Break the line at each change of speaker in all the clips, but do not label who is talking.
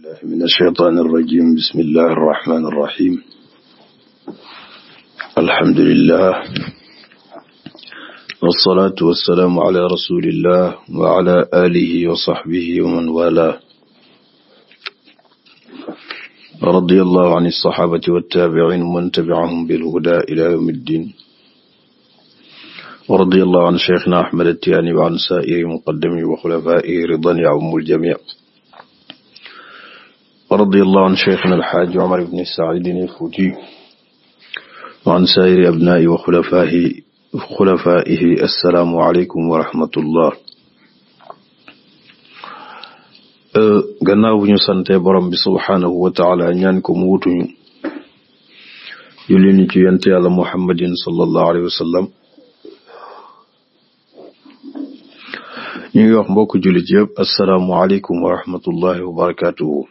بالله من الشيطان الرجيم بسم الله الرحمن الرحيم الحمد لله والصلاة والسلام على رسول الله وعلى آله وصحبه ومن والاه رضي الله عن الصحابة والتابعين ومن تبعهم بالهدى إلى يوم الدين ورضي الله عن شيخنا أحمد التياني وعن سائر مقدمه وخلفائه رضا يعم الجميع radiyallahu an cheikhna alxaaji omar ibni saidin alfuuti wa an sairi abnaa'i wa xulafaahi xulafaa'ihi assalaamu aleykum wa rahmatullah euh, gannaaw bu ñu sante borom bi subhaanahu wa taala ñaan ko mu wutuñu julli ñu ci yonent yàlla muhammadin sallallahu alayhi wa sallam ñu ngi wax mbokk jullit yëpp assalaamu aleykum wa rahmatullahi wa barakatuhu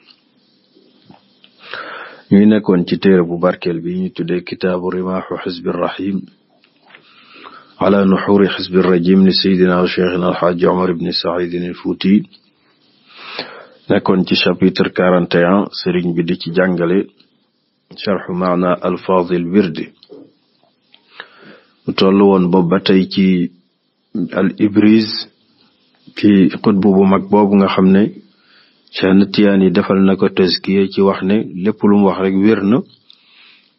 ñuy nekkoon ci téere bu barkeel bi ñu tuddee kitaabu rimaaxu xisbi rahim ala nuxuri xisbi rajim li sayidina cheikhina alxaaji omar ibni saidin alfuuti nekkoon ci chapitre quarante et un bi di ci jàngale charxu maana alfaadil wirdi mu toll woon boobu ba tey ci al ibris ci xutbu bu mag boobu nga xam ne Cheikh Tijaan yi defal na ko tëskiya ci wax ne lépp lu mu wax rek wér na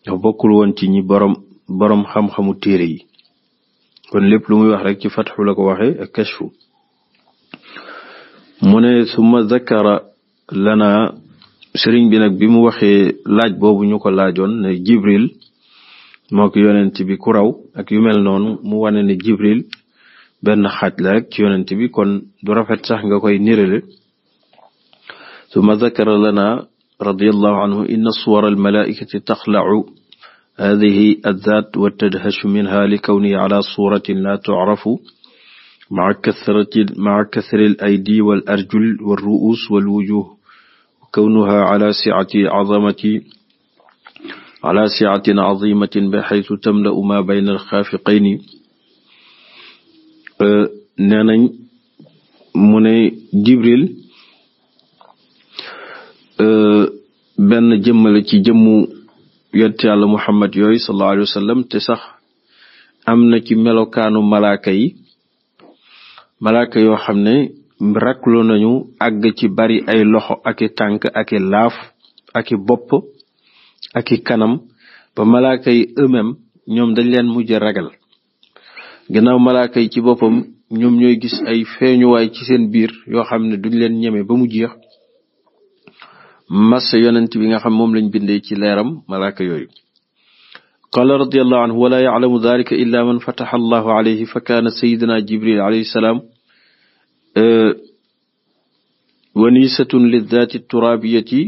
ndax bokkul woon
ci ñi borom borom xam-xamu téere yi kon lépp lu muy wax rek ci fatxu la ko waxee ak kashfu mu ne suma zakara lana sëriñ bi nag bi mu waxee laaj boobu ñu ko laajoon ne Jibril mook ko yonent bi ku raw ak yu mel noonu mu wane ne Jibril benn xaaj la rek ci yonent bi kon du rafet sax nga koy nirale summa dakara lana radiyallahu anhu inna suwara almalaikati taxlacu hadihi addaat wa tadhashu minha li kawnihi ala suratin la tucrafu maa kasrati maa kasri al aydi wal arjul wal ruus wal wujuh
kawnuha ala siati azamati ala siatin azimatin ba xaytu tamla'u ma bayna alxaafiqayni
nee nañ mu ne Jibril Euh, benn jëmmale ci jëmmu yonent yàlla muhammad yooyu sallallahu alayhi wa sallam te sax am na ci melokaanu malaaka yi malaaka yoo xam ne rakloo nañu àgg ci bari ay loxo ak tànk ak laaf aki bopp aki kanam ba malaaka yi eux ñoom dañ leen mujj ragal ginnaaw malaaka yi ci boppam ñoom ñooy gis ay feeñuwaay ci seen biir yoo xam ne duñ leen ñeme ba mu jeex massa yonent bi nga xam moom lañ bindee ci leeram malaaka yooyu qaala radiallahu anhu wala yaalamu dalika illa man fataxa allahu alayhi fa kaana sayidina jibril alayhi salaam uh, wanisatun liddaati turaabiyati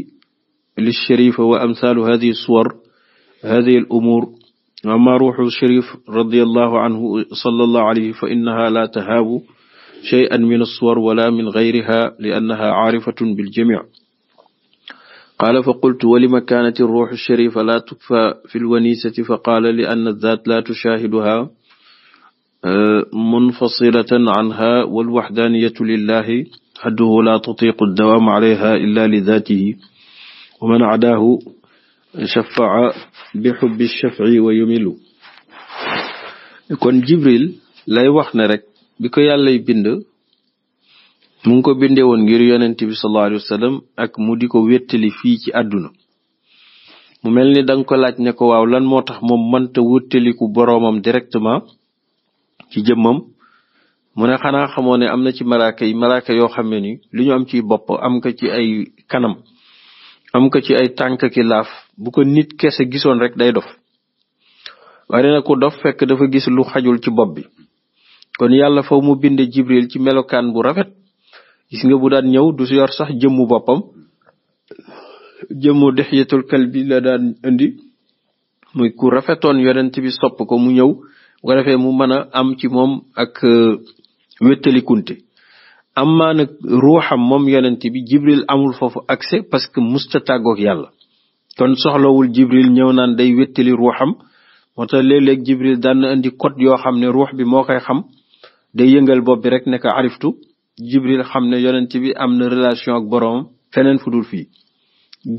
lilsharifa wa amthaalu hadihi suwar hadihi al umuur amma ruuxu sharif radiallahu anhu sallallahu alayhi fa innaha la tahaabu shay'an min alsuwar wala min gayriha li annaha aarifatun biljamic qaala fa qultu walima kaanat ruuxu sharifa laa tukfa fi lwanisati fa qaala li anna zaat laa tushaahiduha munfasilatan anha walwaxdaaniyatu lillahi xadduhu laa tutiqu ddawaam alayha illa li zaatihi wa man adaahu shafaa bi xubbi shafci wa yumilu kon Jibril lay wax ne rek bi ko yàllay bind mu ngi ko bindee woon ngir yonent bi sallallahu alayhi ak mu di ko wéttali fii ci àdduna mu mel ni danga ko laaj ne ko waaw lan moo tax moom mënta wéttaliku boroomam directement ci jëmmam mu ne xanaa xamoo ne am na ci malaaka yi malaaka yoo xam ne ni lu ñu am ci bopp am ko ci ay kanam am ko ci ay tànk ki laaf bu ko nit kese gisoon rek day dof waaye nag ku dof fekk dafa gis lu xajul ci bopp bi kon yàlla faw mu bind Jibril ci melokaan bu rafet gis nga bu daan ñëw du yor sax jëmmu boppam jëmmu dexyatul kal bi la daan indi muy ku rafetoon yonent bi sopp ko mu ñëw bu ko mu mën a am ci moom ak euh, wettalikunte amma nag ruuxam moom yonent bi jibril amul foofu accès parce que musta tàggoog yàlla kon soxlawul jibril ñëw naan day wettali ruuxam moo tax léeg-léeg jibril daan na indi code yoo xam ne ruux bi moo koy xam day yëngal bopp bi rek ne ko ariftu jibril xam ne yonent bi am na relation ak boroom feneen fu dul fii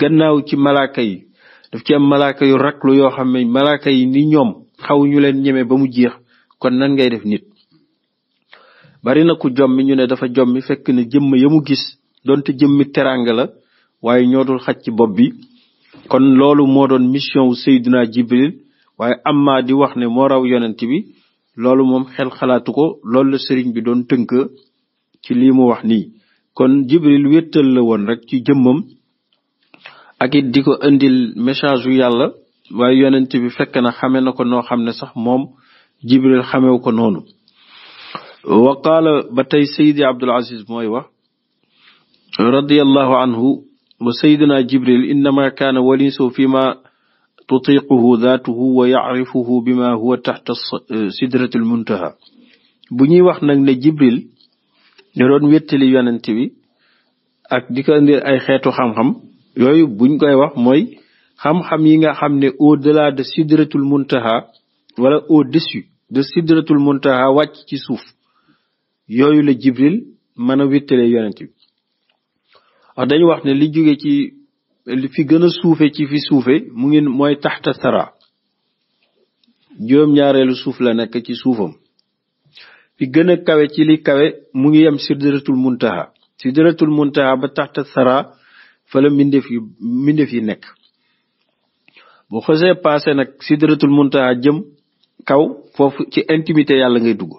gannaaw ci malaaka yi def ci am malaaka yu raklu yoo xam ne malaaka yi ni ñoom xaw ñu leen ñeme ba mu jeex kon nan ngay def nit bari na ku jommi ñu ne dafa jommi fekk ne jëmm ya mu gis donte jëmmi teraanga la waaye ñoo dul xaj ci bopp bi kon loolu moo doon mission wu Seydina Jibril waaye amma di wax ne moo raw yonent bi loolu moom xel xalaatu ko loolu la sëriñ bi doon tënk ci lii mu wax ni kon jibril wéttal la woon rek ci jëmmam ak di ko indil message yu yàlla waaye yonent bi fekk na xame na ko noo xam ne sax moom jibril xamew ko noonu wa qaala ba tey sayidi abdul aziz mooy wax radiallahu anhu wa sayidina jibril innama kaana walisu fi ma tutiquhu wa yacrifuhu bima huwa taxta sidratil muntaha bu ñuy wax nag ne jibril ñu doon wéttali yonent bi ak di ko ay xeetu xam-xam yooyu buñ koy wax mooy xam-xam yi nga xam ne au delà de sidratul muntaha wala au dessus de sidratul muntaha wàcc ci suuf yooyu la jibril mana a wéttalee yonent bi wax dañu wax ne li jóge ci li fi gën a suufe ci fi suufe mu ngi mooy taxta sara juróom-ñaareelu suuf la nekk ci suufam fi gëna a kawe ci li kawe mu ngi yem sidratul muntaha sidratul muntaha ba taxta sara fa mbindeef yu mbindeef yi nekk bu xosee passé nag sidratul muntaha jëm kaw foofu ci intimité yàlla ngay dugg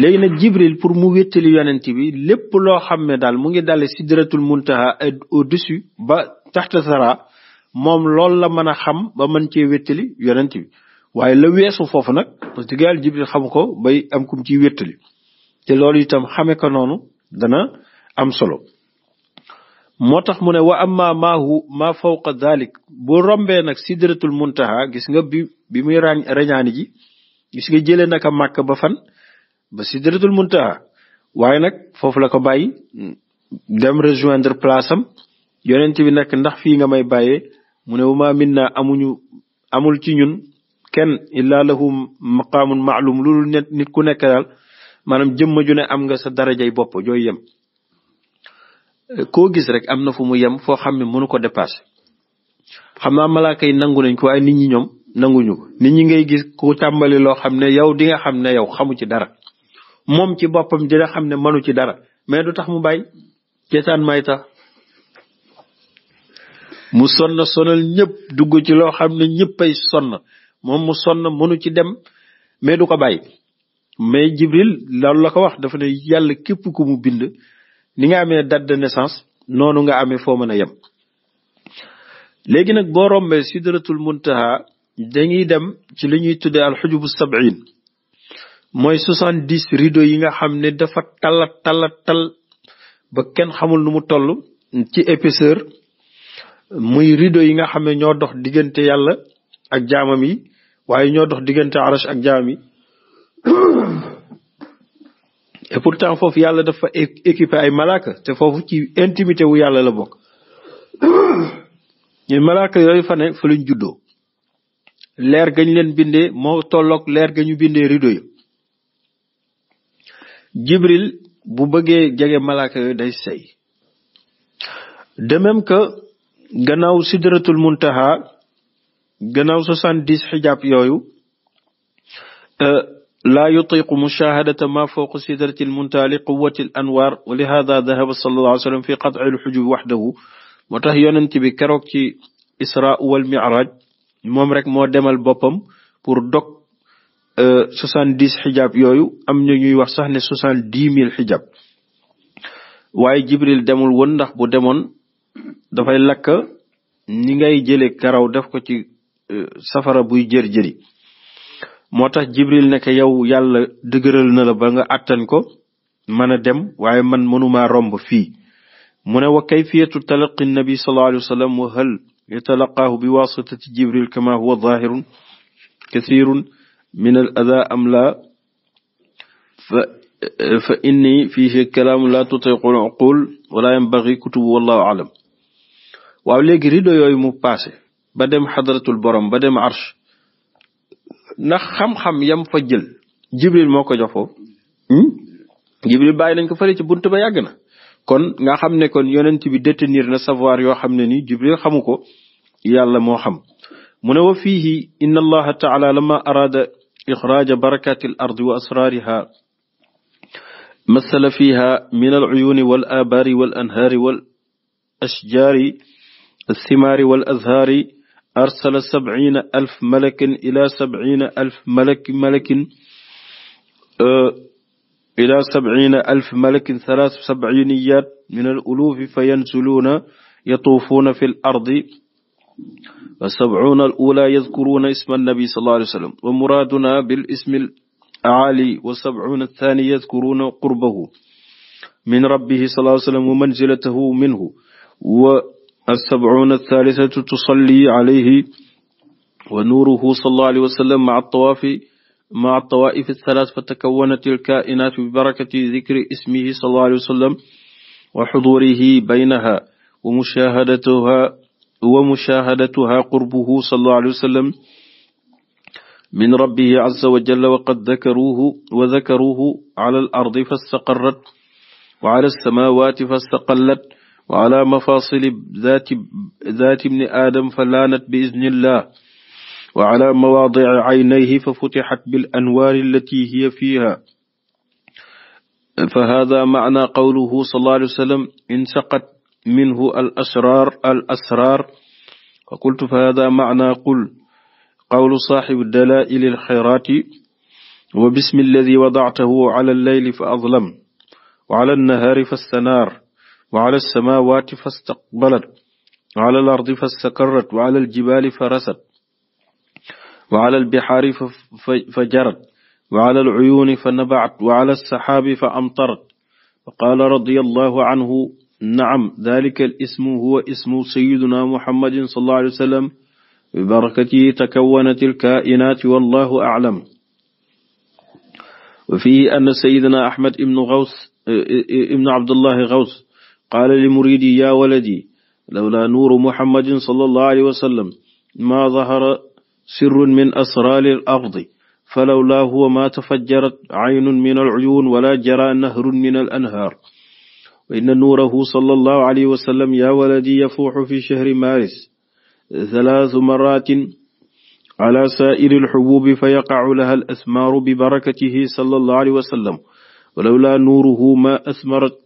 léegi nag jibril pour mu wéttali yonent bi lépp loo xam ne daal mu ngi dale sidratul muntaha au dessus ba taxta sara moom loolu la mën a xam ba mën cee wéttali yonent bi waaye la weesu foofu nag parce que yàlla jibril xamu ko bay am kum ciy wéttali te loolu itam xame ko noonu dana am solo moo tax mu ne wa amma maahu ma fawqa dalik bu rombee nag si sidratul muntaha gis nga bi bi muy rañ rañaani ji gis nga jëlee naka makk ba fan ba sidratul muntaha waaye nag foofu la ko bàyyi dem rejoindre place am yonent bi nag ndax fii nga may bàyyee mu ne wa ma minna amuñu amul ci ñun kenn illaa lahu maqaamun maalum loolu nit ku nekk daal maanaam jëmma ju ne am nga sa darajay bopp jooy yem koo gis rek am na fu mu yem foo xam ne mënu ko dépassé xam naa malaaka yi nangu nañ ko waaye nit ñi ñoom nanguñu ko nit ñi ngay gis ku tàmbali loo xam ne yow di nga xam ne yow xamu ci dara moom ci boppam dina xam ne manu ci dara mais du tax mu bàyyi ceetaan mayta tax mu sonn sonal ñëpp dugg ci loo xam ne ñëppay sonn moom mu sonn mënu ci dem mais du ko bàyyi mais Jibril loolu la ko wax dafa ne yàlla képp ku mu bind ni nga amee date de naissance noonu nga amee foo mën a yem léegi nag boo rombee sidratul muntaha dañuy dem ci li ñuy tuddee alxujubu sab'in mooy soixante dix rideau yi nga xam ne dafa tala tala tal ba kenn xamul nu mu toll ci épaisseur muy rideau yi nga xam ne ñoo dox diggante yàlla ak jaamam yi waaye ñoo dox diggante arash ak jaam yi pourtant foofu yàlla dafa équipé ay malaaka te foofu ci intimité wu yàlla la bokk ñu malaaka yooyu fa ne fa juddoo leer gañ leen bindee moo tolloog leer ga ñu bindee rido yi jibril bu bëggee jege malaaka yooyu day sey de même que gannaaw sidratul muntaha gannaaw soixante-dix xijaab yooyu laa yutiqu mushahadata ma fawqa sidratil muntaha li quwati al anwar hada dahaba sallallahu alayhi fi qat'i al hujub wahdahu moo tax yonent bi keroog ci moom rek moo demal boppam pour dog euh, soixante-dix xijaab yooyu am ñu ñuy wax sax ne soixante-dix mille xijaab waaye jibril demul woon ndax bu demoon dafay lakk ni jële karaw def ko ci Euh, safara buy jër jëri moo tax jibril ne ko yow yàlla dëgëral na la ba nga àttan ko mën a dem waaye man mënumaa romb fii mu ne wa kayfiyatu talaqi nabi sallallahu alayhi wa hal yatalaqaahu bi wasitati jibril kama huwa zahirun kathirun min ada am la fa euh, fa inni fihi kalaamu la tutiqul uqul wala yanbaghi kutubu wallahu alam waaw léegi rido yooyu mu passé ba dem xadratul borom ba dem arsh ndax xam-xam yam fa jël jibril moo ko jox foofu hmm? jibril bàyyi nañ ko fële ci bunt ba yàgg na kon nga xam ne kon yonent bi détenir na savoir yoo xam ne ni jibril xamu ko yàlla moo xam mu ne wa fiihi inna allaha taala lama araada ixraaja barakati al wa asraariha masala fiha min al uyuni wal abaari wal anhaari wal ashjaari الثمار والأزهار arsala sabina alf malakin ila sabina alf malak malakin ila sabina alf malakin thalath sabiniyat min al ulufi fa yanzuluuna yatuufuuna fi l ardi wa sabcuuna al ula yadkuruuna isma annabi sallallahu alayhi wa sallam wa muraaduna bil ismi al aali wa sabcuuna athani yadkuruuna qurbahu min rabbihi sallallahu alayhi wa sallam wa manzilatahu minhu wa السبعون الثالثة تصلي عليه ونوره صلى الله عليه وسلم مع الطواف مع الطوائف الثلاث فتكونت الكائنات ببركة ذكر اسمه صلى الله عليه وسلم وحضوره بينها ومشاهدتها ومشاهدتها قربه صلى الله عليه وسلم من ربه عز وجل وقد ذكروه وذكروه على الأرض فاستقرت وعلى السماوات فاستقلت wa ala mafasili zaati zaati ibni aadam fa laanat bi idnillah wa ala mawaadii aynayhi fa futixat bil anwaari allati hiya fiiha fa hada maana qawluhu sallallahu alayhi wa sallam insaqat minhu al asraar al asraar fa qultu fa hada maana qul qawlu saaxibi dalaa'ili al xayraati wa bismi alladi wadactahu ala al layli fa adlam wa ala an nahaari fa stanaar wa ala alsamawati fa staqbalat wa ala al ardi fa stakarat wa ala aljibaali fa rasat wa ala albihaari fa jarat wa ala aluyuuni fa nabaat wa ala alsaxaabi fa amtarat wa qaala radiyallahu anhu naam dalika alismu huwa ismu sayidina muhammadin sallallahu alayhi wa sallam bibarakatihi takawwanat alkaa'inaat wallahu a'lam wa fiihi anna sayidina ahmad ibnu gaws ibnu abdullahi gaws qaala li muridi yaa waladi lawlaa nuuru muhammadin sallallahu alayhi wa sallam maa zahara sirrun min asraari al ardi falawlaa huwa maa tafajjarat aynun min al uyuun wala jara nahrun min al anhaar wa inna nuurahu sallallahu alayhi wa sallam yaa waladi yafuuxu fi shahri maaris thalaathu maraatin ala saa'iri al xubuubi fa yaqacu laha al asmaaru bi barakatihi sallallahu alayhi wa sallam walawlaa nuuruhu maa asmarat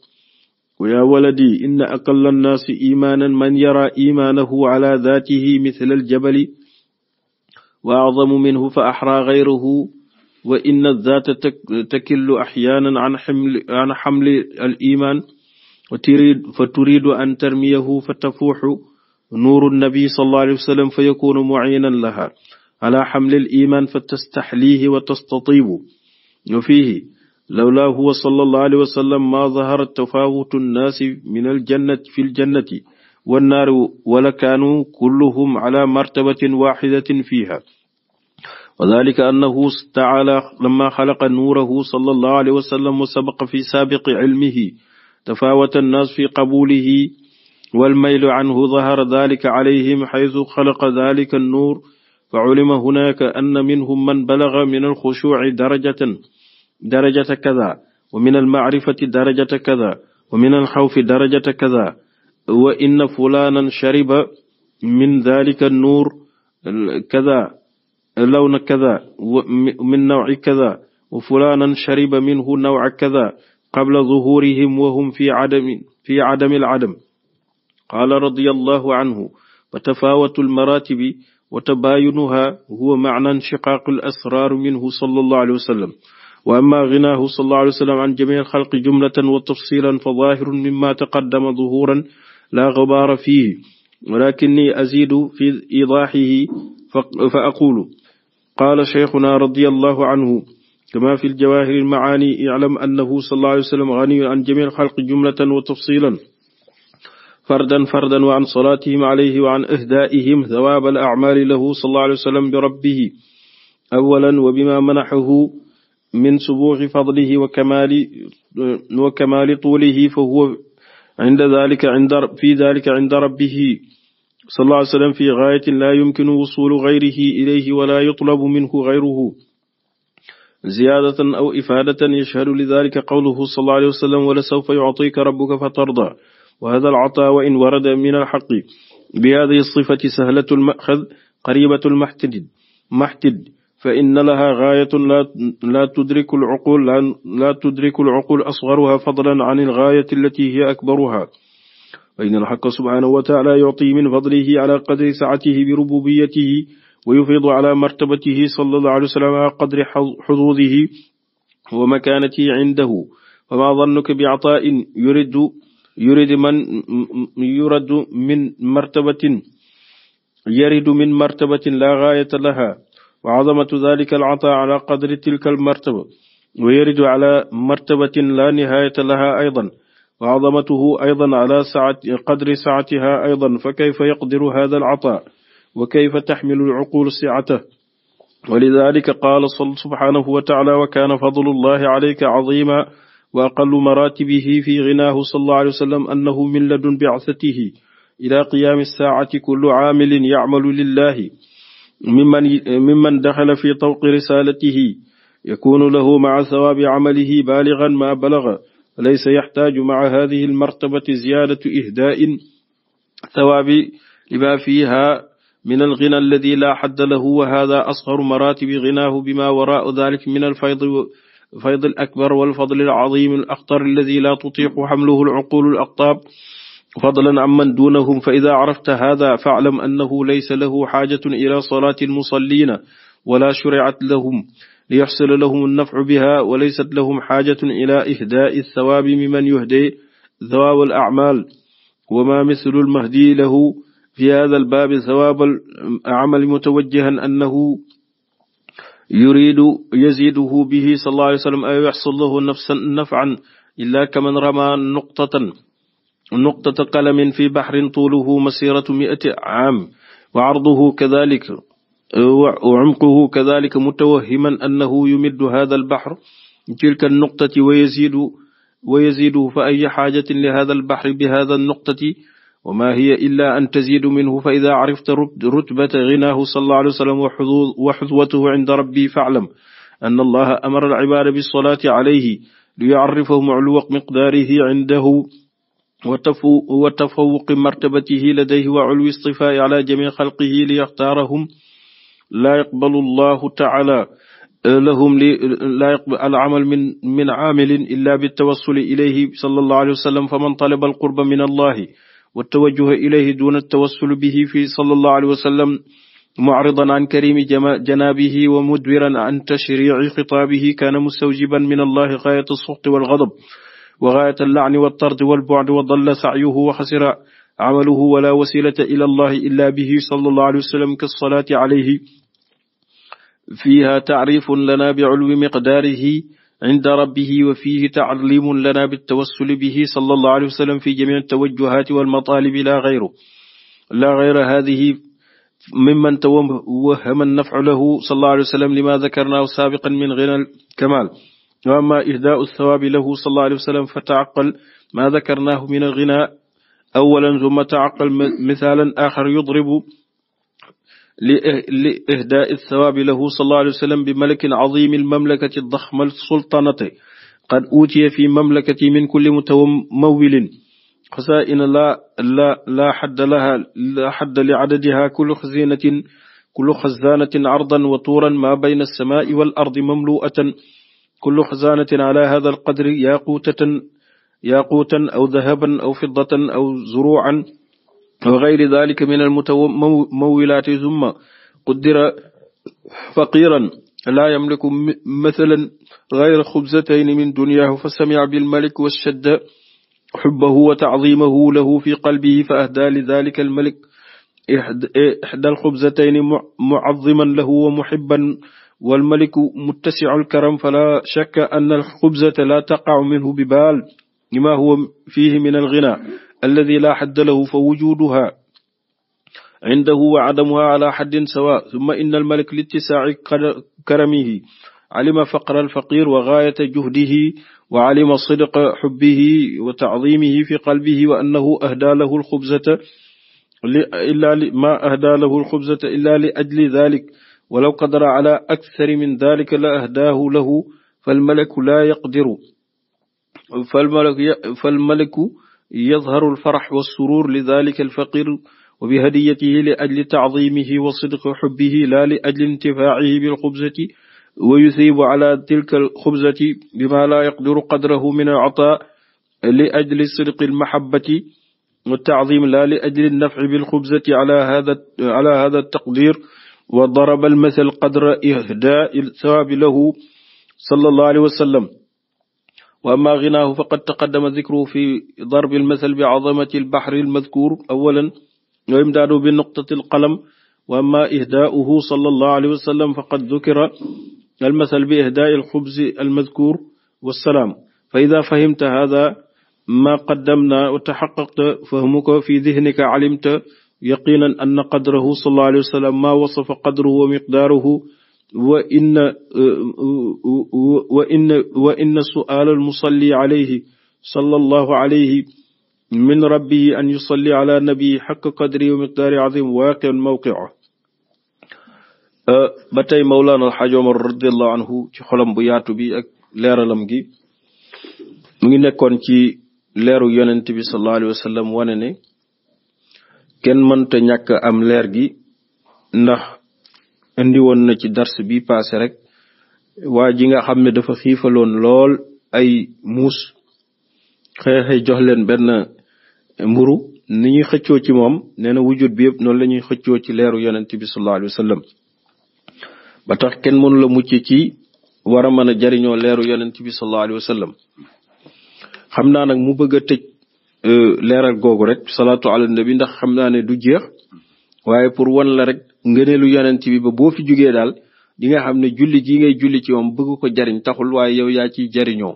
ويا ولدي إن أقل الناس إيمانا من يرى إيمانه على ذاته مثل الجبل وأعظم منه فأحرى غيره وإن الذات تكل أحيانا عن حمل, عن حمل الإيمان وتريد فتريد أن ترميه فتفوح نور النبي صلى الله عليه وسلم فيكون معينا لها على حمل الإيمان فتستحليه وتستطيب وفيه lawlaa huwa sallallahu alayhi wa sallam ma zahara tafawutu nnaasi min aljannati fi ljannati wannaari wala kaanu kulluhum ala martabatin waxidatin fiha wa dalika annahu taala lama xalaqa nuurahu sallallahu alayhi wa sallam wa sabaqa fi saabiqi cilmihi tafawata annaas fi qabulihi walmaylu canhu zahara dalika calayhim xaysu xalaqa dalika annuur fa culima hunaka anna minhum man balaga min alxushuuci darajatan darajata kada wa min al maarifati darajata kada wa min al xawfi darajata kada wa inna fulanan shariba min dalika nuur kada lawna kada min nawci kada wa fulanan shariba minhu nawca kada qabla zuhurihim wa hum fi adami fi adami al adam qaala radiyallahu anhu wa tafaawatu al maratibi wa tabaayunuha huwa macna inshiqaaqu al asraar minhu sallallahu alayhi wa sallam wa amma ginaahu sallallahu alayhi wa sallam an jamii alxalqi jumlatan wa tafsilan fa zaahirun mimma taqaddama zuhuran laa gubaara fiihi walaakinni aziidu fi idaahihi fa aqulu qaala shaykhunaa radiyallahu anhu kamaa fi ljawaahiri almacaani i'lam annahu sallallahu alayhi wa sallam ganiyyun an jamii alxalqi jumlatan wa tafsilan fardan fardan wa an salaatihim alayhi wa an ihdaa'ihim thawaaba al acmaali lahu sallallahu alayhi wa sallam bi rabbihi awwalan wa bimaa manaxahu min subuuxi fadlihi wa kamaali wa kamaali tuulihi fa huwa inda dalika inda fi dalika inda rabbihi sallallahu alayhi wa sallam fi gaayatin laa yumkinu wusuulu gayrihi ilayhi wala yutlabu minhu gayruhu ziyaadatan aw ifaadatan yashhadu li dalika qawluhu sallallahu alayhi wa sallam wala sawfa yuctika rabbuka fatarda wa hada alcataa wa in warada min alxaqi bi hadihi sifati sahlatu almaxad qaribatu almaxtid maxtid fa inna laha gaayatun laa tudriku alcuqul laa tudriku alcuqul asgaruha fadlan an algaayati allati hiya akbaruha fa inna alxaqa subhanahu wa taala yuti min fadlihi ala qadri saatihi bi rububiyatihi wa yufidu ala martabatihi sallallahu alayhi wa sallam ala qadri xuduudihi wa makaanatihi cindahu fama dannuka bi ataain yuridu yuridu man yuradu min martabatin yaridu min martabatin laa gaayata laha wa azamatu dalika al ata ala qadri tilka al martaba wa yariju ala martabatin la nihayata laha aydan wa azamatuhu aydan ala saati qadri saatiha aydan fa kayfa yaqdiru hada al ata wa kayfa taxmilu al uqul siatahu wa lidalika qaala subhanahu wa taala wa kaana fadlu llahi alayka azima wa aqallu maratibihi fi ginaahu sallallahu alayhi wa sallam annahu min ladun bi'satihi ila qiyaami saacati kullu caamilin yacmalu lillahi mimman mimman daxala fi tawqi risalatihi yakunu lahu maa sawaabi amalihi baaligan maa balaga laysa yaxtaaju maa hadihi almartabati ziyaadatu ihdaa'in sawaabi lima fiiha min algina alladi laa xadda lahu wa hada asgaru maratibi ginaahu bima waraau dalik min alfaydi faydi alakbar walfadli alcazim alaqtar alladi laa tutiixu xamluhu alcuqulu alaqtaab فضلا عمن دونهم فإذا عرفت هذا فاعلم أنه ليس له حاجة إلى صلاة المصلين ولا شرعت لهم ليحصل لهم النفع بها وليست لهم حاجة إلى إهداء الثواب ممن يهدي ثواب الأعمال وما مثل المهدي له في هذا الباب ثواب العمل متوجها أنه يريد يزيده به صلى الله عليه وسلم أو يحصل له نفسا نفعا إلا كمن رمى نقطة nuqtata qalamin fi baxrin tuuluhu masiratu miati aam wa arduhu kadalik wa umquhu kadalika mutawahiman annahu yumiddu hada albaxr tilka alnuqtati wa yazidu wa yaziduhu fa ayu xaajatin li hada albaxri bi hada alnuqtati wa ma hiya illa an tazidu minhu fa ida carifta rutbata ginaahu sallallahu alayhi wa sallam wa xudwatahu cinda rabbi faclam anna allaha amara alcibaada bilsalaati calayhi liyucarrifahum culuwa miqdaarihi cindahu wa tafawuqi martabatihi ladayhi wa ulwi istifaa'i ala jamii xalqihi li yaxtaarahum laa yaqbalu allahu taala lahum li laa yaqbal al amal min min aamilin illa bitawassuli ilayhi sallallahu alayhi wa sallam faman talaba alqurba min allahi wa tawajjuha ilayhi duna tawassuli bihi fi sallallahu alayhi wa sallam mu'ridan an karimi janaabihi wa mudbiran an tashriici xitaabihi kaana mustawjiban min allahi gaayata suxti wal gadab wa gaayat allaani waltard walbu'd wa dalla sacyuhu wa xasira amaluhu wala wasilata ila allahi illa bihi sallallahu alayhi wa sallam kasalaati alayhi fiiha tacrifun lana biculwi miqdaarihi cinda rabbihi wa fiihi taclimun lana bittawassuli bihi sallallahu alayhi wa sallam fi jamiici tawajjuhaati walmataalibi laa gayru laa gayra haadihi mimman tawahhama annafcu lahu sallallahu alayhi wa sallam lima dakarnaahu saabiqan min ghinal kamaal wa amma ihdaau alsawaabi lahu sallallahu alayhi wa sallam fa taaqal maa dakarnaahu min alghina awalan summa taaqal misaalan axar yudribu li ihdaai alsawaabi lahu sallallahu alayhi wa sallam bi malikin azimi almamlakati daxma alsultanate qad uutiya fi mamlakati min kulli mutamawilin xasaa'ina laa la laa xadda laha laa xadda li cadadiha kullu xaziinatin kullu xazaanatin ardan wa tuuran maa bayna alsamaai wal ardi mamluatan kullu xasaanatin ala hada alqadri yaquutatan yaquutan aw dahaban aw fiddatan aw zuruucan wa gayri dalika min almutawawilaati summa quddira faqiran laa yamliku mathalan gayra xubsatayni min duniyaahu fa samica bilmalik washadda xubbahu wa tacdiimahu lahu fi qalbihi fa ahdaa li dalika almalik ixda alxubsatayni mucadiman lahu wa muxiban wal maliku muttasiul karam fala shakka an alxubzata la taqaau minhu bi baal lima huwa fihi min alghina alladi la xadda lahu fa wujuduha indahu wa adamuha ala xaddin sawa summa inna almalik littisaai karamihi alima faqra alfaqir wa gaayata juhdihi wa alima sidqa xubbihi wa taadimihi fi qalbihi wa annahu ahda lahu alxubzata illa li ma ahda lahu alxubzata illa li ajli dalik walaw qadara ala akthari min dalika la ahdaahu lahu falmalaku la yaqdiru falmalaku yadharu alfarax walsurur li dalika alfaqir wa bi hadiyatihi li ajli taadimihi wa sidqi xubbihi la li ajli intifaacihi bilxubzati wa yusibu ala tilka alxubzati bima la yaqdiru qadrahu min alata li ajli sidqi almahabati والتعظيم لا لأجل النفع بالخبزة على هذا على هذا التقدير wa daraba almasal qadra ihdaai sawaabi lahu sallallahu alayhi wa sallam wa amma ginaahu faqad taqaddama zikruhu fi darbi almasal bi azamati albahri almadkur awalan wa imdaadu bi nuqtati alqalam wa amma ihdaauhu sallallahu alayhi wa sallam faqad dukira المثل بإهداء الخبز المذكور والسلام فإذا فهمت هذا ما قدمنا وتحققت فهمك في ذهنك علمت yaqinan anna qadrahu sallallahu alayhi wa sallam maa wasafa qadruhu wa miqdaaruhu uh, uh, uh, wa inna wa inna wa inna su'aal al-musalli alayhi sallallahu alayhi min rabbihi an yusalli ala nabiyi xakk qadrihi wa miqdaarihi azim waaqi'un mawqi'uhu ba tey Mawlaana Alxaaj Omar radiyallahu anhu ci xolam bu yaatu bi ak leeralam gi mu ngi nekkoon ci leeru yonent bi sallallahu alayhi wa sallam wane ne kenn mënta ñàkk am leer gi ndax indi woon na ci dars bi paase rek waa ji nga xam ne dafa xiifaloon lool ay muus xëy xëy jox leen benn mburu ni ñuy xëccoo ci moom nee na wujut bi yëpp noonu la ñuy xëccoo ci leeru yonent bi sallallahu alayhi wa sallam ba tax kenn mënu la mucc ci war a mën a jariñoo leeru yonent bi sallallahu alayhi wa sallam xam naa nag mu bëgg tëj Euh, leeral googu rek salaatu ala nabi ndax xam naa ne du jeex waaye pour wan la rek ngëneelu yonent bi ba boo fi jógee daal di nga xam ne julli ji ngay julli ci moom bëgg ko jariñ taxul waaye yow yaa ciy jariñoo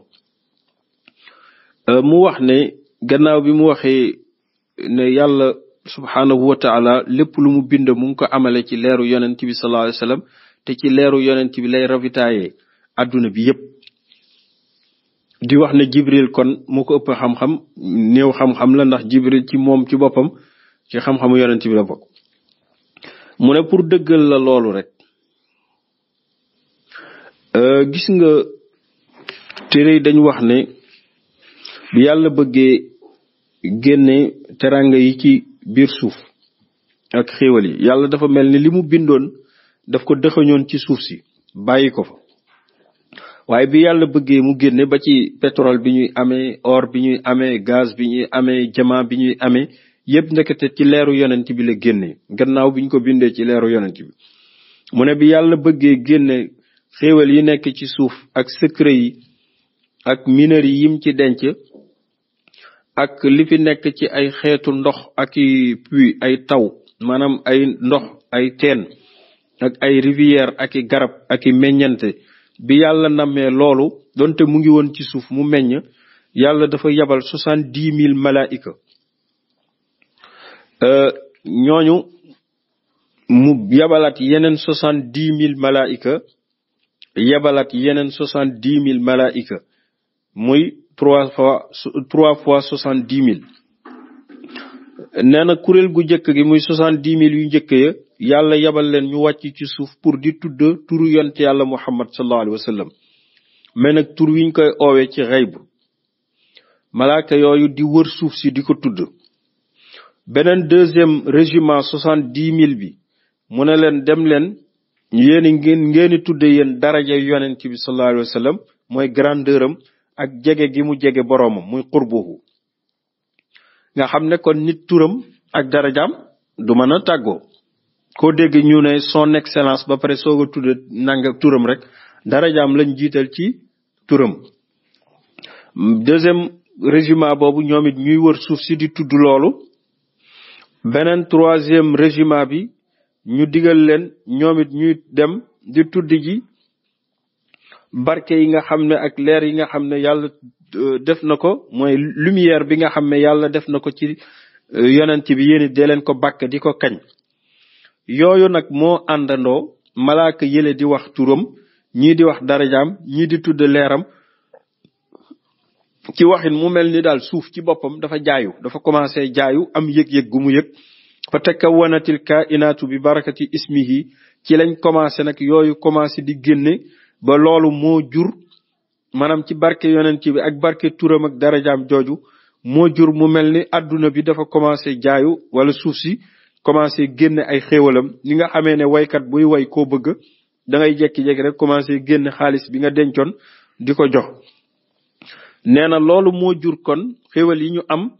euh, mu wax ne gannaaw bi mu waxee ne yàlla subhaanahu wa lépp lu mu bind mu ngi ko amale ci leeru yonent bi sallallahu alayhi wasallam te ci leeru yonenti bi lay ravitaaye adduna bi yépp di wax na jibril kon moo ko ëpp xam-xam néew xam-xam la ndax jibril ci moom ci boppam ci xam-xamu yonent bi la bokk mu ne pour dëggal la loolu rek euh, gis nga téere yi dañu wax ne yàlla bëggee génne teranga yi ci biir suuf ak xéewal yi yàlla dafa mel ni li mu bindoon daf ko dëxañoon ci suuf si bàyyi ko fa waaye bi yàlla bëggee mu génne ba ci pétrole bi ñuy amee or bi ñuy amee gaz bi ñuy amee jama bi ñuy amee yëpp ndekete ci leeru yonent bi la génne gannaaw bi ñu ko bindee ci leeru yonent bi mu ne bi yàlla bëggee génne xéewal yi nekk ci suuf ak secret yi ak mineur yim ci denc ak li fi nekk ci ay xeetu ndox ak i puits ay taw maanaam ay ndox ay teen ak ay rivière ak i garab ak i meññante bi yàlla nammee loolu donte mu ngi woon ci suuf mu meññ yàlla dafa yabal soixante dix mille malaayika euh, ñooñu mu yabalaat yeneen soixante dix mille malaayika yabalaat yeneen soixante dix mille malaayika muy trois fois trois fois soixante dix mille nee na kuréel gu njëkk gi muy soixante dix mille yu njëkk ya yàlla yebal leen ñu wàcc ci suuf pour di tudd turu yonent yàlla muhammad sallallahu alayhi wa sallam mais nag tur wiñ koy oowee ci xayb malaaka yooyu di wër suuf si di ko tudd beneen deuxième régiment soixante dix mille bi mu ne leen dem leen yéeni ngeen ngeeni tudde yéen daraja yonent bi sallallahu alayhi mooy grandeur ak jege gi mu jege boroomam muy qurbuhu nga xam ne kon nit turam ak darajaam du mën a tàggoo koo dégg ñu ne son excellence ba pare soog a tudd nanga turam rek darajaam lañ jiital ci turam deuxième régime boobu ñoom it ñuy wër suuf si di tudd loolu beneen troisième régime bi ñu digal leen ñoom it ñuy dem di tudd ji barke yi nga xam ne ak leer yi nga xam ne yàlla Euh, def na ko mooy lumière bi nga xam ne yàlla def na ko ci euh, yonent bi yéen it leen ko bàkk di ko kañ yooyu nag moo àndandoo malaaka yële di wax turam ñii di wax darajaam ñii di tudd leeram ci waxin mu mel ni daal suuf ci boppam dafa jaayu dafa commencé jaayu am yëg-yëg gu mu yëg fa takawanatil kainaatu bi barakati yi ci lañ commencé nag yooyu commencé di génne ba loolu moo jur maanaam ci barke yonent bi ak barke turam ak darajaam jooju moo jur mu mel ni àdduna bi dafa commencé jaayu wala suuf si commencé génne ay xéewalam ni nga xamee ne waykat buy woy koo bëgg da ngay jekki-jekki rek commencé génn xaalis bi nga dencoon di ko jox nee na loolu moo jur kon xéewal yi ñu am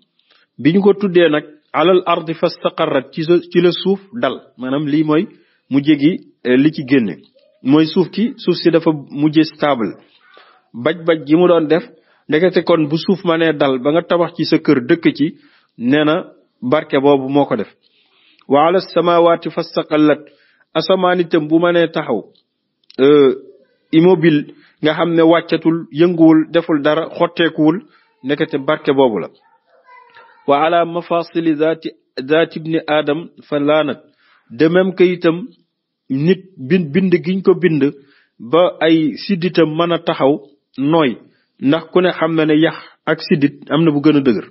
bi ñu ko tuddee nag alal ardi fastaqarrat ci ci la suuf dal maanaam lii mooy mu jégi eh, li ci génne mooy suuf ki suuf si dafa mujje stable baj-baj gi mu doon def ndekete kon bu suuf ma nee dal ba nga tabax ci sa kër dëkk ci nee na barke boobu moo ko def wa ala samawaati fastaqallat asamaan itam bu ma nee taxaw euh, immobile nga xam ne wàccatul yënguwul deful dara xotteekuwul ndekete barke boobu la wa ala mafasili zaati zaati ibni adam fa laanat de même itam nit bind bind giñ ko bind ba ay sidditam mën a taxaw nooy ndax ku ne xam na ne yax ak siddit am na bu gën a dëgër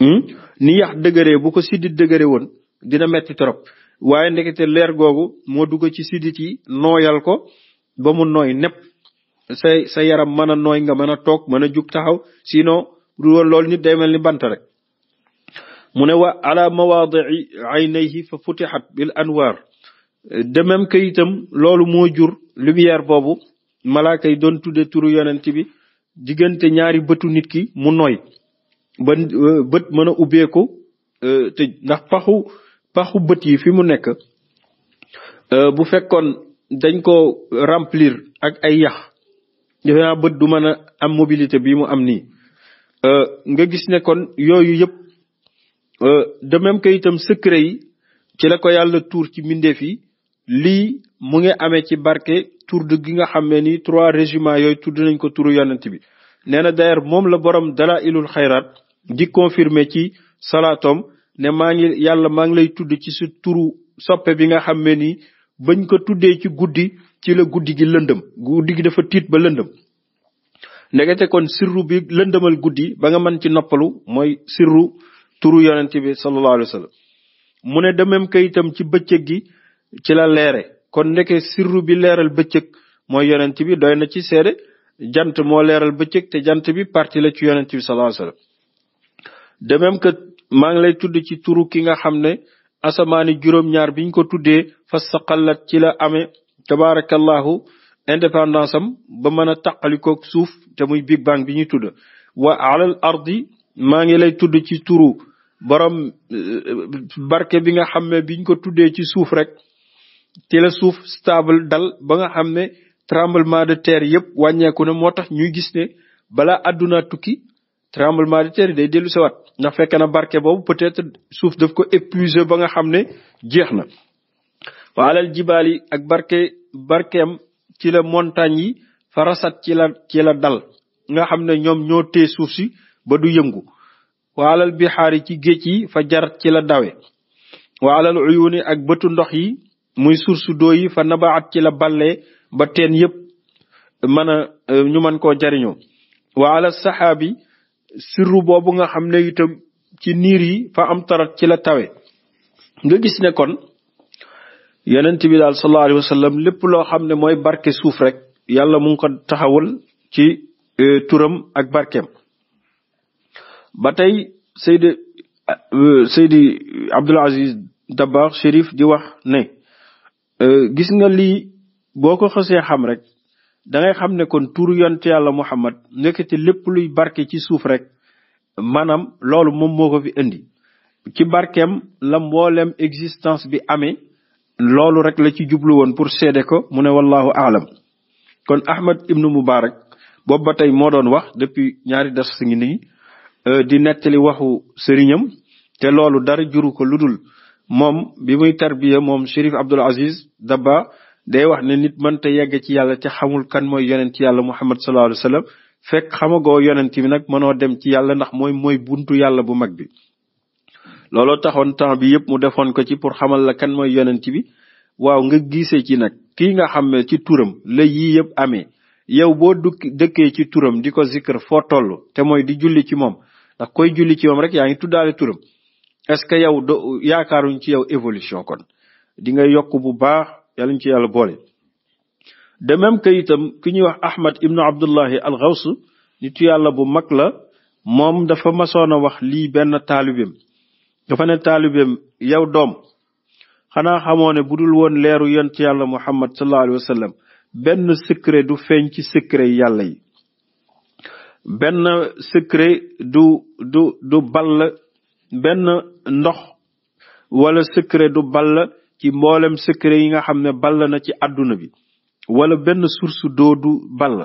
hmm? ni yax dëgëree bu ko siddit dëgëre woon dina metti trop waaye ndekete leer googu moo dugg ci siddit yi nooyal ko ba mu nooy népp sa sa yaram mën a nooy nga mën a toog mën a jug taxaw sinon du woon loolu nit day mel ni bant rek mu ne wa ala mawaadii aynayhi fa futixat bil anwaar de même que loolu moo jur lumière boobu malaaka yi doon tuddee turu yonent bi diggante ñaari bëtu nit ki mu nooy ba euh, bët mën a ubbeeku euh, tëj ndax paxu paxu bët yi fi mu nekk euh, bu fekkoon dañ ko remplir ak ay yax defe bët du mën a am mobilité bi mu am nii nga gis ne kon yooyu yëpp de même que itam secret yi ci la ko yàlla tuur ci mbindeef yi lii mu ngi amee ci barke tudd gi nga xam ne ni trois régiments yooyu tudd nañ ko turu yonent bi nee na d'ailleurs moom la borom dala ilul xayraat di confirmer ci salaatoom ne maa ngi yàlla maa ngi lay tudd ci su turu soppe bi nga xam ne ni bañ ko tuddee ci guddi ci la guddi gi lëndëm guddi gi dafa tiit ba lëndëm ndegete kon sirru bi lëndëmal guddi ba nga mën ci noppalu mooy sirru turu yonent bi sallallahu alayhi wa ci bëccëg gi ci la leere kon ndeke sirru bi leeral bëccëg mooy yonent bi doy na ci seede jant moo leeral bëccëg te jant bi parti la ci yonent bi sallallahu alayhi wasallam de maa ngi lay tudd ci turu ki nga xam ne asamaani juróom-ñaar biñ ko tuddee fa saqalat ci la amee tabaarakallahu indépendance am ba mën a taqalikoog suuf te muy big bang bi ñuy tudd wa alal ardi maa ngi lay tudd ci turu borom euh, barke bi nga xam ne biñ ko tuddee ci suuf rek te la suuf stable dal ba nga xam ne tremblement de terre yëpp wàññeeku na moo tax ñuy gis ne balaa àdduna tukki tremblement de terre day dellu siwaat ndax fekk na barke boobu peut-être suuf daf ko épuisé ba nga xam ne jeex na wa alal jibaal yi ak barke barkem ci la montagne yi farasat ci la dal nga xam ne ñoom ñoo tee suuf si ba du yëngu wa alal bixaar yi ci géej yi fa jar ci la dawe wa alal ak bëtu ndox yi muy source d'eau yi fa nabaat ci la ballee ba teen yëpp mën a euh, ñu mën koo jariñoo wa ala saxaabi suru boobu nga xam ne itam ci niir yi fa am tarat ci la tawe nga gis ne kon yonent bi daal sallallahu alayhi wa lépp loo xam ne mooy barke suuf rek yàlla mu ko taxawul ci euh, turam ak barkeem ba tey Seydi euh, Seydi Abdul Aziz Dabakh Chérif di wax ne Euh, gis nga lii boo ko xasee xam rek da xam ne kon tur yont yàlla muhammad nekkati lépp luy barke ci suuf rek maanaam loolu moom moo ko fi indi ci barkeem la mbooleem existence bi amee loolu rek la ci jublu woon pour seede ko mu ne wallahu aalam kon ahmad ibnu mubarak boobu ba tey moo doon wax depuis ñaari dars ngi nii euh, di nettali waxu sëriñam te loolu dara juru ko lu dul moom bi muy tarbiya moom Chérif Abdoul Aziz Dabba day wax ne nit mënta yegg ci yàlla te xamul kan mooy yonent ci yàlla Muhammad sallallahu alayhi wa sallam fekk xamagoo yonent bi nag mënoo dem ci yàlla ndax mooy mooy buntu yàlla bu mag bi. looloo taxoon temps bi yëpp mu defoon ko ci pour xamal la kan mooy yonent bi waaw nga gisee ci nag kii nga xam ne ci turam la yii yëpp amee yow boo dukki dëkkee ci turam di ko zikr foo toll te mooy di julli ci moom ndax koy julli ci moom rek yaa ngi tuddaale turam. est ce que yow do yaakaaruñ ci yow évolution kon di nga yokk bu baax yàlla ñu ci yàlla boole de même itam ki ñuy wax ahmad ibnu abdullahi al xaws nitu yàlla bu mag la moom dafa masoon a wax lii benn taalibeem dafa ne taalibeem yow doom xanaa xamoo ne bu dul woon leeru yonent yàlla muhammad sallallahu alayhi wa benn secret du feeñ ci secret yàlla yi benn secret du du du ball benn ndox wala secret du ball ci mboolem secret yi nga xam ne ball na ci àdduna bi wala benn source d'eau du ball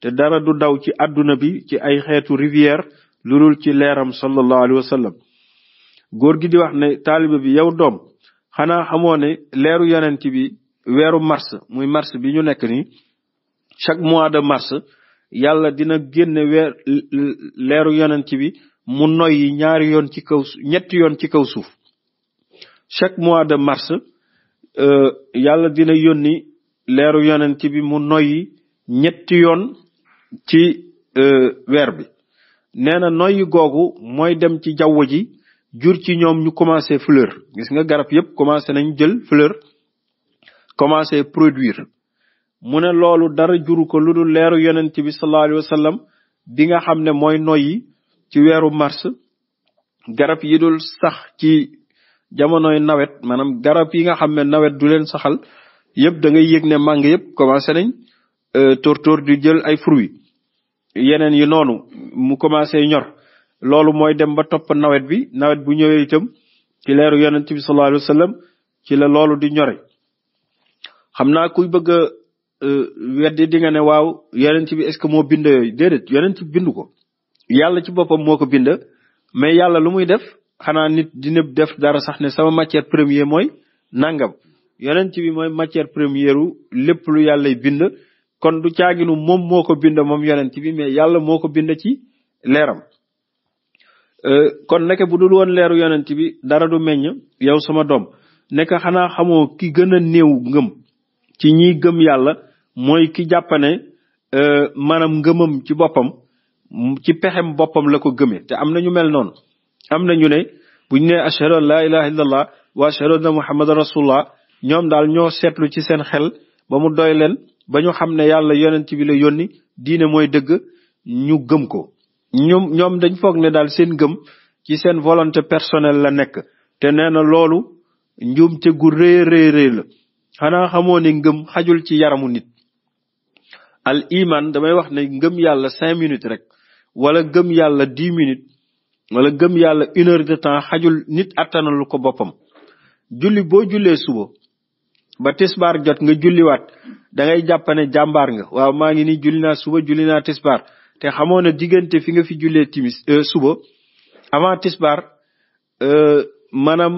te dara du daw ci àdduna bi ci ay xeetu rivière lu dul ci leeram sallallahu alayhi wa góor gi di wax ne taaliba bi yow doom xanaa xamoo ne leeru yonent bi weeru mars muy mars bi ñu nekk nii chaque mois de mars yàlla dina génne weer leeru yonent bi mu noyyi ñaari yoon ci kaw ñetti yoon ci kaw suuf chaque mois de mars euh, yàlla dina yónni leeru yonent bi mu noyyi ñetti yoon ci euh, weer bi nee na noyyi googu mooy dem ci jaww ji jur ci ñoom ñu commencé fleur gis nga garab yépp commencé nañ jël fleur commencé produire mu ne loolu dara juru ko lu dul leeru yonent bi sallallahu alayhi wa bi nga xam ne mooy noyyi ci weeru mars garab yi dul sax ci jamonoy nawet maanaam garab yi nga xam ne nawet du leen saxal yëpp da ngay yëg ne màng yëpp commencé nañ tóortóor euh, di jël ay fruits yeneen yi noonu mu commencé ñor loolu mooy dem ba topp nawet bi nawet bu ñëwee itam ci leeru yonent bi sallallahu alayhi ci la loolu di ñore xam naa kuy bëgg a euh, weddi di nga ne waaw ci bi est-ce que moo bind yooyu déedéet yeneen ci bind ko yàlla ci boppam moo ko bind mais yàlla lu muy def xanaa nit dina def dara sax ne sama matière premier mooy nangam yonent bi mooy matière première wu lépp lu yàllay bind kon du caaginu moom moo ko bind moom yonent bi mais yàlla moo ko bind ci leeram euh, kon nekk bu dul woon leeru yonent bi dara du meññ yow sama doom nekk xanaa xamoo ki gën a néew ngëm ci ñiy gëm yàlla mooy ki jàppane euh, maanaam ngëmam ci boppam ci pexem boppam la ko gëmee te am na ñu mel noonu am na ñu ne buñ ne nee ashhadu an laa ilaha illa allah wa ashhadu anna muhammadan rasulullah ñoom daal ñoo seetlu ci seen xel ba mu doy leen ba ñu xam ne yàlla yonent bi la yónni diine mooy dëgg ñu gëm ko ñoom ñoom dañ foog ne daal seen gëm ci seen volonté personnel la nekk te nee na loolu njuumte gu rëy rëy la xanaa xamoo ne ngëm xajul ci yaramu nit al imaan damay wax ne ngëm yàlla cinq minutes rek wala gëm yàlla dix minutes wala gëm yàlla une heure de temps xajul nit attanalu ko boppam julli boo jullee suba ba tisbaar jot nga julliwaat da ngay jàpp ne jàmbaar nga waaw maa ngi nii julli suba julli naa tisbaar te xamoo ne diggante fi nga fi jullee timis euh, suba avant tisbaar euh, maanaam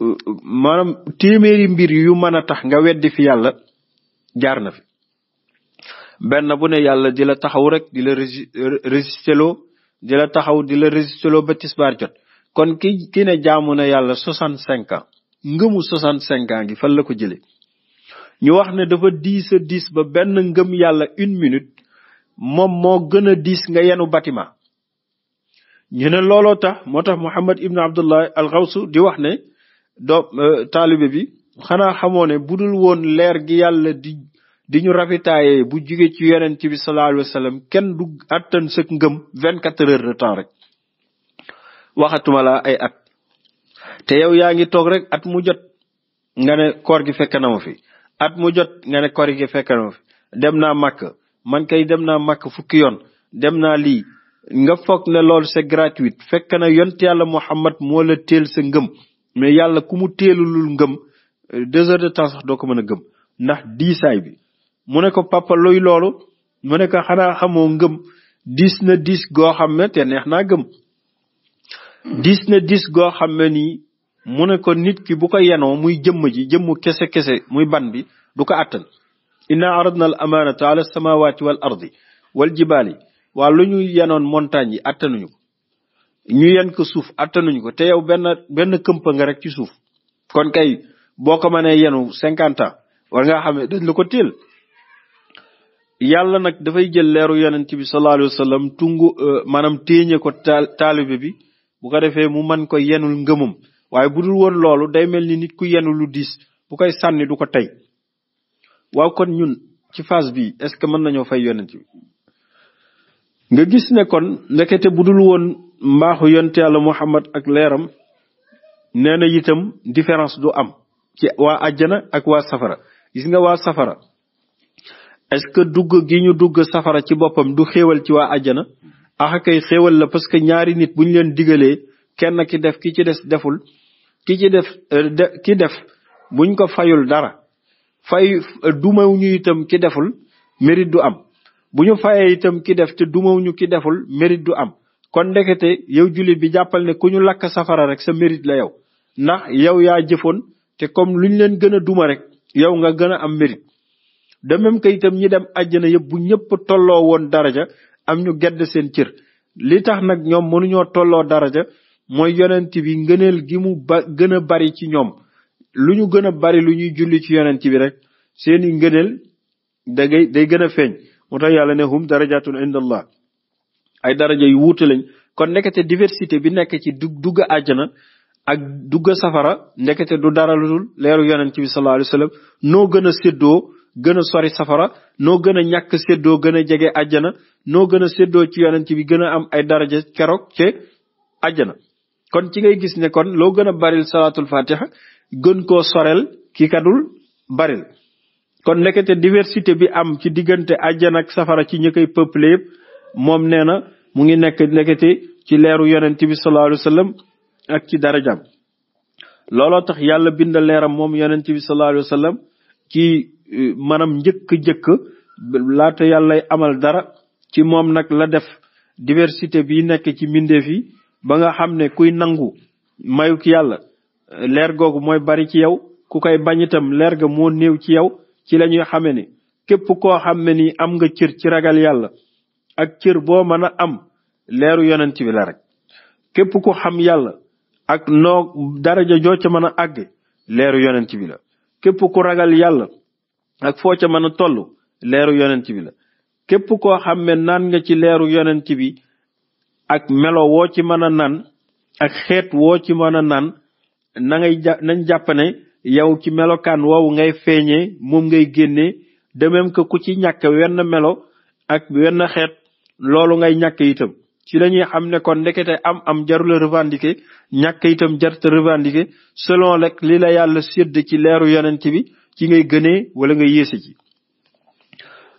euh, maanaam téeméeri mbir yu mën a tax nga weddi fi yàlla jaar na fi benn bu ne yàlla di la taxaw rek di la résisteloo di la taxaw di la résisteloo ba tisbaar jot kon ki ki ne jaamu na yàlla soixante cinq ans ngëmu soixante cinq ans gi fan la ko jële ñu wax ne dafa diis a diis ba benn ngëm yàlla une minute moom moo gën a diis nga yenu bâtiment ñu ne looloo tax moo tax Muhammad ibn Abdullah al-Xawsu di wax ne doo euh, taalibe bi xanaa xamoo ne budul woon leer gi yàlla di di ñu ravitaaye bu jóge ci yonent bi sallallahu alayhi kenn du attan sa ngëm vingt quatre heures de temps rek waxatuma la ay at te yow yaa ngi toog rek at mu jot nga ne koor gi fekk na ma fi at mu jot nga ne koor gi fekk na ma fi dem naa màkk man kay dem naa màkk fukki yoon dem naa lii nga foog ne lool se gratuit fekk na yont yàlla Muhammad moo la teel sa ngëm mais yàlla ku mu teelulul ngëm deux heures de temps sax doo ko mën a gëm ndax diisaay bi mu ne ko papa luy loolu mu ne ko xanaa xamoo ngëm diis na diis goo xam ne te neex na gëm diis na diis goo xam ne nii mu ne ko nit ki bu ko yenoo muy jëmm ji jëmm kese kese muy ban bi du ko àttan inna aradna al amanata ala samawati wal ardi wal jibaali waa lu ñu yenoon montagne yi attanuñu ko ñu yen ko suuf attanuñu ko te yow benn benn rek ci suuf kon kay boo ko mënee yenu cinquante ans war ngaa xam ne dañ ko téel yàlla nag dafay jël leeru yonent bi sallallahu alayhi wa tungu euh, maanaam téeñe ko taalibe bi bu ko defee mu man ko yenul ngëmam waaye bu dul woon loolu day mel ni nit ku yenu lu diis bu koy sànni du ko tey waaw kon ñun ci phase bi est-ce que mën nañoo fay yonent bi nga gis ne kon ndekete bu dul woon mbaaxu yonte yàlla Muhammad ak leeram nee na itam différence du am ci waa àjjana ak waa safara gis nga waa safara est-ce que dugg gi ñu dugg safara ci boppam du xéewal ci waa àjjana axa ah, kay xéewal la parce que ñaari nit bu ñu leen digalee kenn ki def ki ci des deful ki ci def euh, ki def buñ ko fayul dara fay euh, dumaw ñu itam ki deful mérite du am bu ñu fayee itam ki def te dumaw ñu ki deful mérite du am kon ndekete yow jullit bi jàppal ne ku ñu lakk safara rek sa mérite la yow ndax yow yaa jëfoon te comme luñ leen gën a duma rek yow nga gën a am mérite de même que itam ñi dem àjjana yëpp bu ñëpp tolloo woon daraja am ñu gedd seen cër li tax nag ñoom mënuñoo tolloo daraja mooy yonent bi ngëneel gi mu ba gën a bari ci ñoom lu ñu gën a bari lu ñuy julli ci yonent bi rek seeni ngëneel dagay day gën a feeñ moo tax yàlla ne hum darajatun inda allah ay daraja yu wuute lañ kon ndekete diversité bi nekk ci du dugg àjjana ak dugga safara ndekete du dara lu dul leeru yonent bi sallallahu alayhi wa noo gën a séddoo gën a sori safara noo gën a ñàkk séddoo gën a jege àjjana noo gën a séddoo ci yonent bi gën a am ay daraja keroog ci àjjana kon ci ngay gis ne kon loo gën a baril salaatul fatiha gën koo soreel ki kadul baril kon nekkete diversité bi am ci diggante àjjana ak safara ci ñi koy peuple yëpp moom nee na mu ngi nekk nekkete ci leeru yonent bi sallallahu alayhi wa sallam ak ci darajam looloo tax yàlla bind leeram moom yonent bi sallallahu alayhi ci maanaam njëkk-njëkk laata yàllay amal dara ci moom nag la def diversité bi nekk ci mbindeef yi ba nga xam ne kuy nangu mayuk yàlla leer googu mooy bari ci yow ku koy bañ itam leer ga moo néew ci yow ci la ñuy xame ni képp koo xam ne ni am nga cër ci ragal yàlla ak cër boo mën a am leeru yonent bi la rek képp ku xam yàlla ak noo daraja joo ca mën a àgg leeru yonent bi la képp ku ragal yàlla ak foo ca mën a toll leeru yonent bi la képp koo xam ne naan nga ci leeru yonent bi ak melo woo ci mën a naan ak xeet woo ci mën a naan na ngay ja nañ jàpp ne yow ci melokaan woowu ngay feeñee moom ngay génnee de même ku ci ñàkk wenn melo ak wenn xeet loolu ngay ñàkk itam ci la ñuy xam ne kon ndekete am am jarula revendiquer ñàkk itam jarta revendiquer selon rek li la yàlla sédd ci leeru yonent bi ci ngay gënee wala nga yéese ci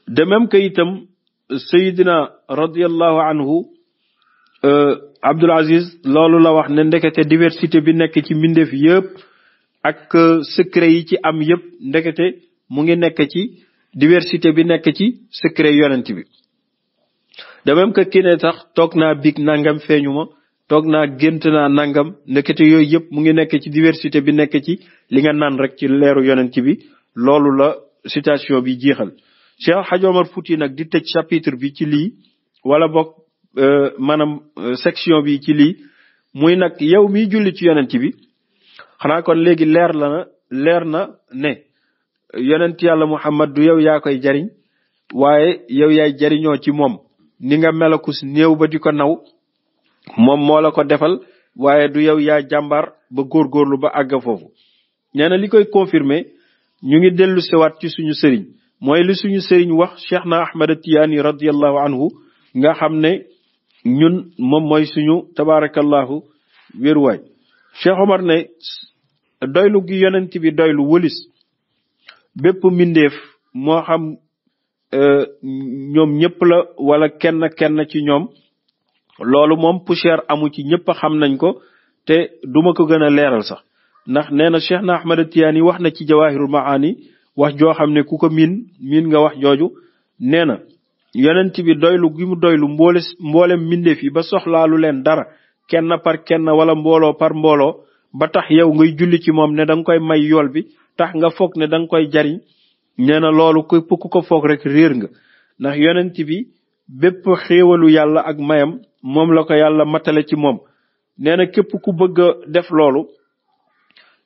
de même que itam sayidina radiallahu anhu euh, Abdul Aziz loolu la wax ne ndekete diversité bi nekk ci mbindeef yëpp ak euh, secret yi ci am yëpp ndekete mu ngi nekk ci diversité bi nekk ci secret yonent bi de même que kii sax toog naa big nangam feeñu ma toog naa gént naa nangam nekkete yooyu yëpp mu ngi nekk ci diversité bi nekk ci li nga naan rek ci leeru yonent bi loolu la situation bi jeexal Cheikh Hadj Omar Fouti nag di tëj chapitre bi ci lii wala boog euh, maanaam euh, section bi ci lii muy nag yow mi julli ci yonent bi xanaa kon léegi leer la na leer na ne yonent yàlla Muhammad du yow yaa koy jariñ waaye yow yaay jariñoo ci moom ni nga melakus néew ba di ko naw moom moo la ko defal waaye du yow yaa jàmbaar ba góor góorlu ba àgg foofu nee na li koy confirmer ñu ngi dellu siwaat ci suñu sëriñ mooy li suñu sëriñ wax cheikh na ahmad tiyaani radiallahu anhu nga xam ne ñun moom mooy suñu tabaarakallahu wéruwaay cheikh omar ne doylu gi yonent bi doylu wëlis bépp mbindeef moo xam euh, ñoom ñëpp la wala kenn kenn ci ñoom loolu moom poussière amu ci ñëpp xam nañ ko te duma ko gën a leeral sax ndax nee na Cheikh na Ahmad Tiyaani wax na ci Jawahirul Maani wax joo xam ne ku ko miin miin nga wax jooju nee na yonent bi doylu gi mu doylu mboole mboolem mbindeef yi ba soxlaalu leen dara kenn par kenn wala mbooloo par mbooloo ba tax yow ngay julli ci moom ne da nga koy may yool bi tax nga foog ne danga koy jariñ nee na loolu ku ko foog rek riir nga ndax yonent bi bépp xéewalu yàlla ak mayam moom la ko yàlla matale ci moom nee na képp ku bëgg a def loolu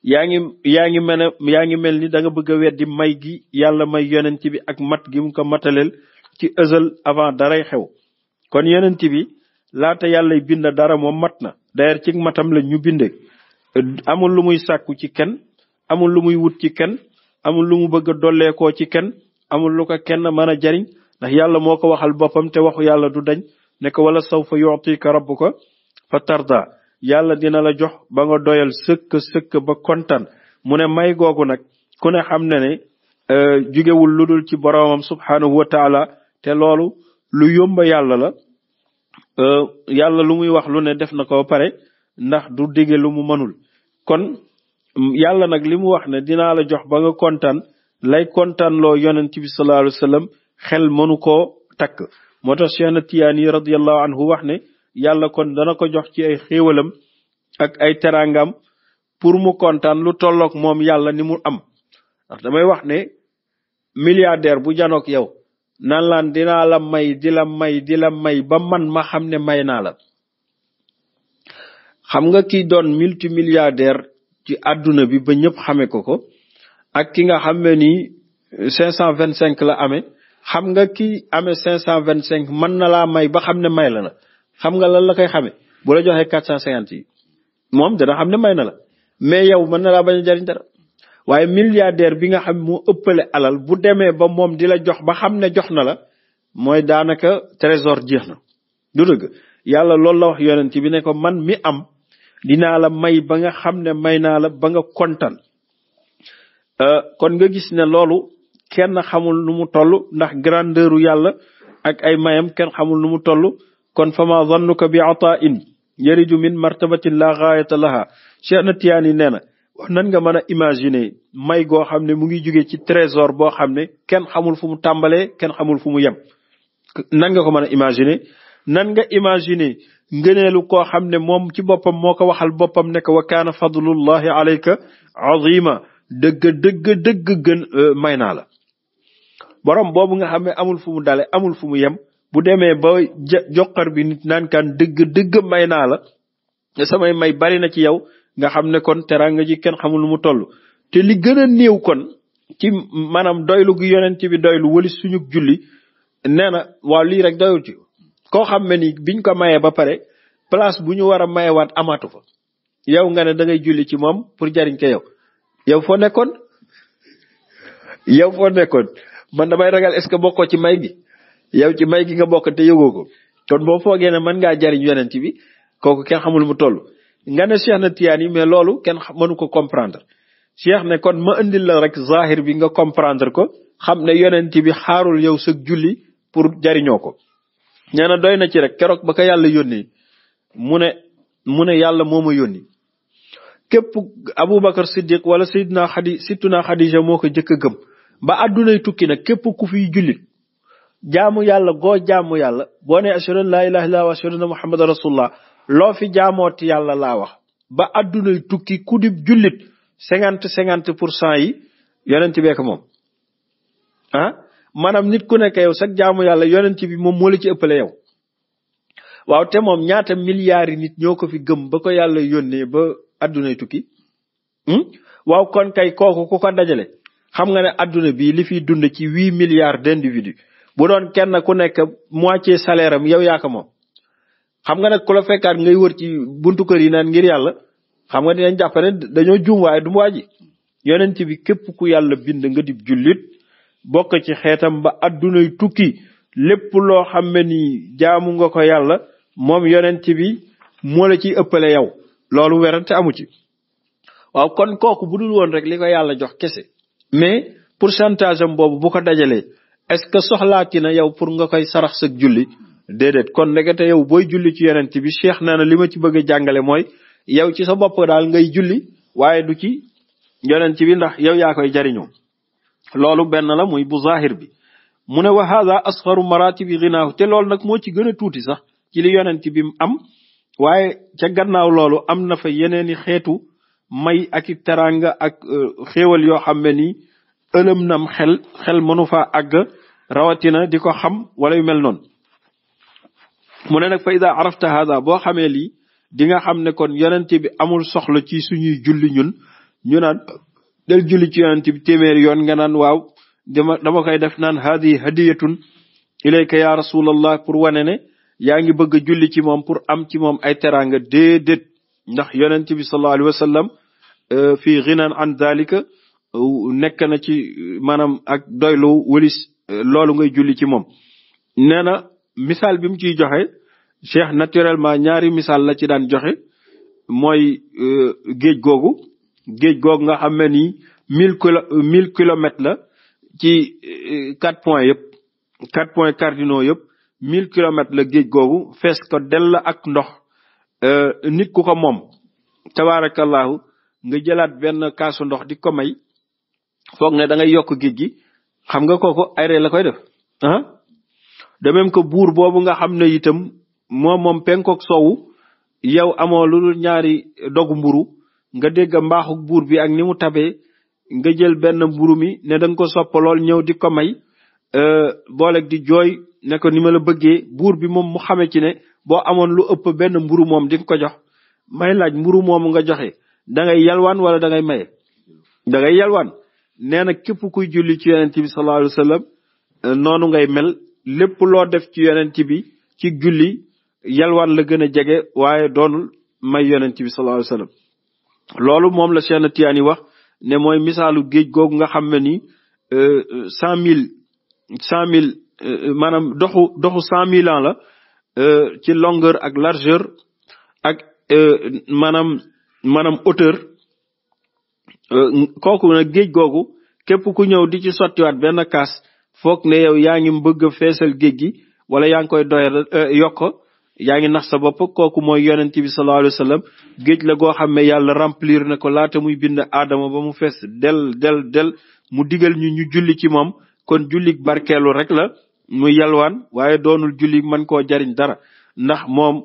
yaa ngi yaa ngi mel ne yaa ngi mel ni da nga bëgg a weddi may gi yàlla may yonent bi ak mat gi mu ko mataleel ci ësal avant daray xew kon yonent bi laata yàlla bind dara moom mat na d'ailleurs ci matam la ñu binde amul lu muy sàkku ci kenn amul lu muy wut ci kenn amul lu mu bëgg a dolleekoo ci kenn amul lu ko kenn mën a jariñ ndax yàlla moo ko waxal boppam te waxu yàlla du dañ ne ko wala sawfa yu'tika rabbuka fa tarda yàlla dina la jox ba nga doyal sëkk sëkk ba kontaan mu ne may googu nag ku ne xam ne ne euh, jugewul lu dul ci boromam subhanahu wa te loolu lu yomba yàlla la euh, yàlla lu muy wax lu ne def na ko pare ndax du digge lu mu mënul kon mm, yàlla nag li mu wax ne dinaa la jox ba nga kontaan lay kontaan loo yonent bi sallallahu alayhi xel mënu koo takk moo tax Cheikh na Tiyaani radiyallahu anhu wax ne yàlla kon dana ko jox ci ay xéewalam ak ay teraangam pour mu kontaan lu tolloog moom yàlla ni mu am ndax damay wax ne milliardaire bu janoog yow nan laan dinaa la may di la may di la may ba man ma xam ne may naa la xam nga ki doon multimilliardaire ci àdduna bi ba ñëpp xame ko ko ak ki nga xam ne ni cinq cent vingt cinq la amee xam nga ki ame cinq cent vingt cinq mën na laa may ba xam ne may la na xam nga lan la koy xamee bu la joxee quatre cent cinquante moom dana xam ne may na la mais yow man na laa bañ a jariñ waaye milliardaire bi nga xam moo ëppale alal bu demee ba moom di la jox ba xam ne jox na la mooy daanaka trésor jeex na du loolu la wax yonent bi ne ko man mi am dinaa la may ba nga xam ne may naa la ba nga kontaan euh, kon nga gis ne loolu kenn xamul nu mu toll ndax grandeuru yàlla ak ay mayam kenn xamul nu mu toll kon fama zannuka bi atain yariju min martabatin la gaayata laha Cheikh na Tiyaani nee na nan nga mën a imaginer may goo xam ne mu ngi juge ci trésor boo xam ne kenn xamul fu mu tàmbalee kenn xamul fu mu yem nan nga ko mën a imaginer nan nga imaginer ngëneelu koo xam ne moom ci boppam moo ko waxal boppam ne ko wa kaana fadlullahi alayka azima dëgg dëgg dëgg gën euh, may naa la borom boobu nga xam ne amul fu mu dale amul fu mu yem bu demee ba joxar bi nit naan kaan dëgg dëgg may naa la samay may bari na ci yow nga xam ne kon teraanga ji kenn xamul lu mu toll te li gën a néew kon ci maanaam doylu gu yonent bi doylu wali suñu julli nee na waaw lii rek doyul ci koo xam ne ni biñ ko mayee ba pare place bu ñu war a mayewaat amaatu fa yow nga ne da ngay julli ci moom pour jariñ ko yow yow foo nekkoon yow foo nekkoon man damay ragal est-ce que bokkoo ci may gi yow ci may gi nga bokk te yëgoo ko kon boo foogee ne mën ngaa jariñ yonent bi kooku kenn xamul mu toll nga ne Cheikh na tiyaan yi mais loolu kenn manu ko comprendre Cheikh ne kon ma indil la rek zahir bi nga comprendre ko xam ne yonent bi xaarul yow sa julli pour jariñoo ko nee na doy na ci rek keroog ba ko yàlla yónnee mu ne mu ne yàlla moo ma yónni képp Aboubacar Siddiq wala Seydina Xadi Sittuna Xadija moo ko jëkk a gëm ba àddunay tukki nag képp ku fiy jullit jaamu yàlla goo jaamu yàlla boo ne ashhadu an laa ilaaha illallaah wa ashhadu anna muhammadan rasulullah loo fi jaamooti yàlla laa wax ba àddunay tukki ku dib jullit cinquante cinquante pour cent yi yonent bee ko moom ah maanaam nit ku nekk yow sax jaamu yàlla yonent bi moom moo la ci ëppale yow waaw te moom ñaata milliards yi nit ñoo ko fi gëm ba ko yàlla yónnee ba àddunay tukki hmm? waaw kon kay kooku ku ko dajale xam nga ne adduna bi li fiy dund ci huit milliards d'individus bu doon kenn ku nekk moitié salaire am yow yaa ko moom xam nga nag ku la fekkaat ngay wër ci buntu kër yi naan ngir yàlla xam nga jàpp ne dañoo juum waaye du mu waaji yonent bi képp ku yàlla bind nga dib jullit bokk ci xeetam ba adduna addunay tukki lépp loo xam ne ni jaamu nga ko yàlla moom yonent bi moo la ciy ëppale yow loolu werante amu ci waaw kon kooku bu woon rek li ko yàlla jox kese mais pour am boobu bu ko dajalee est-ce que soxlaati na yow pour nga koy sarax sa julli déedéet kon ndekete yow booy julli ci yonent bi cheikh nee na li ma ci bëgg a jàngale mooy yow ci sa bopp daal ngay julli waaye du ci yonent bi ndax yow yaa koy jariñoo loolu benn la muy bu zahir bi mu ne wa hada asfaru maratibi ginaahu te loolu nag moo ci gën a tuuti sax ci li yonent bi am waaye ca gannaaw loolu am na fa yeneeni xeetu may ak i teraanga ak euh, xéewal yoo xam ne nii ëlëm nam xel xel mënu fa àgg rawatina di ko xam wala yu mel noon mu ne nag fa ida arafta hada boo xamee lii di nga xam ne kon yonent bi amul soxla ci suñuy julli ñun ñu naan del julli ci yonent bi téeméeri yoon nga naan waaw dama dama koy def naan hadi hadiyatun ilayka ya rasulallah pour wane ne yaa ngi bëgg julli ci moom pour am ci moom ay teraanga déedéet ndax yonent bi sallallahu alayhi wa sallam euh, fii ginan an dalika euh, nekk na ci maanaam ak doylu walis euh, loolu ngay julli ci moom nee na misaal bi mu ciy joxe cheikh naturellement ñaari misaal la ci daan joxe mooy géej googu géej googu nga xam ne nii mille kilo mille kilomètres la ci quatre points yëpp quatre points cardinaux yëpp mille kilomètres la géej googu fees ko dell ak ndox Euh, nit ku ko moom tabaarakallaahu nga jëlaat benn kaasu ndox di ko may foog ne da yokk géej gi xam nga kooku ay ree la koy def ah ko buur boobu nga xam ne itam moom moom penkook soowu yow amoo lu dul ñaari dogu mburu nga dégg mbaaxu buur bi ak ni mu tabee nga jël benn mburu mi ne da ko sopp lool ñëw di ko may euh, booleeg di jooy ne ko ni ma la bëggee buur bi moom mu xamee ne boo amoon lu ëpp benn mburu moom di ko jox may laaj mburu moomu nga joxe da ngay yalwaan wala da ngay maye da ngay yalwaan nee na képp kuy julli ci yonent bi sallallahu alayhi noonu ngay mel lépp loo def ci yonent bi ci julli yalwaan la gën a jege waaye doonul may yonent bi sallallahu alayhi loolu moom la Cheikh Tidiane wax ne mooy misaalu géej googu nga xam ne ni euh, cent mille cent mille euh, maanaam doxu doxu cent mille ans la Euh, ci longeur ak largeur ak euh, maanaam maanaam hauteur euh, kooku nag géej googu képp ku ñëw di ci sotiwaat benn kaas foog ne yow yaa ngi bëgg a géej gi wala yaa ngi koy doyal yokk yaa ngi nax sa bopp kooku mooy yonent bi sallallahu alayhi wa sallam géej la goo xam ne yàlla remplir na ko laata muy bind aadama ba mu fees del del del mu digal ñu ñu julli ci moom kon jullik barkeelu rek la muy yalwaan waaye doonul julli mën koo jariñ dara ndax moom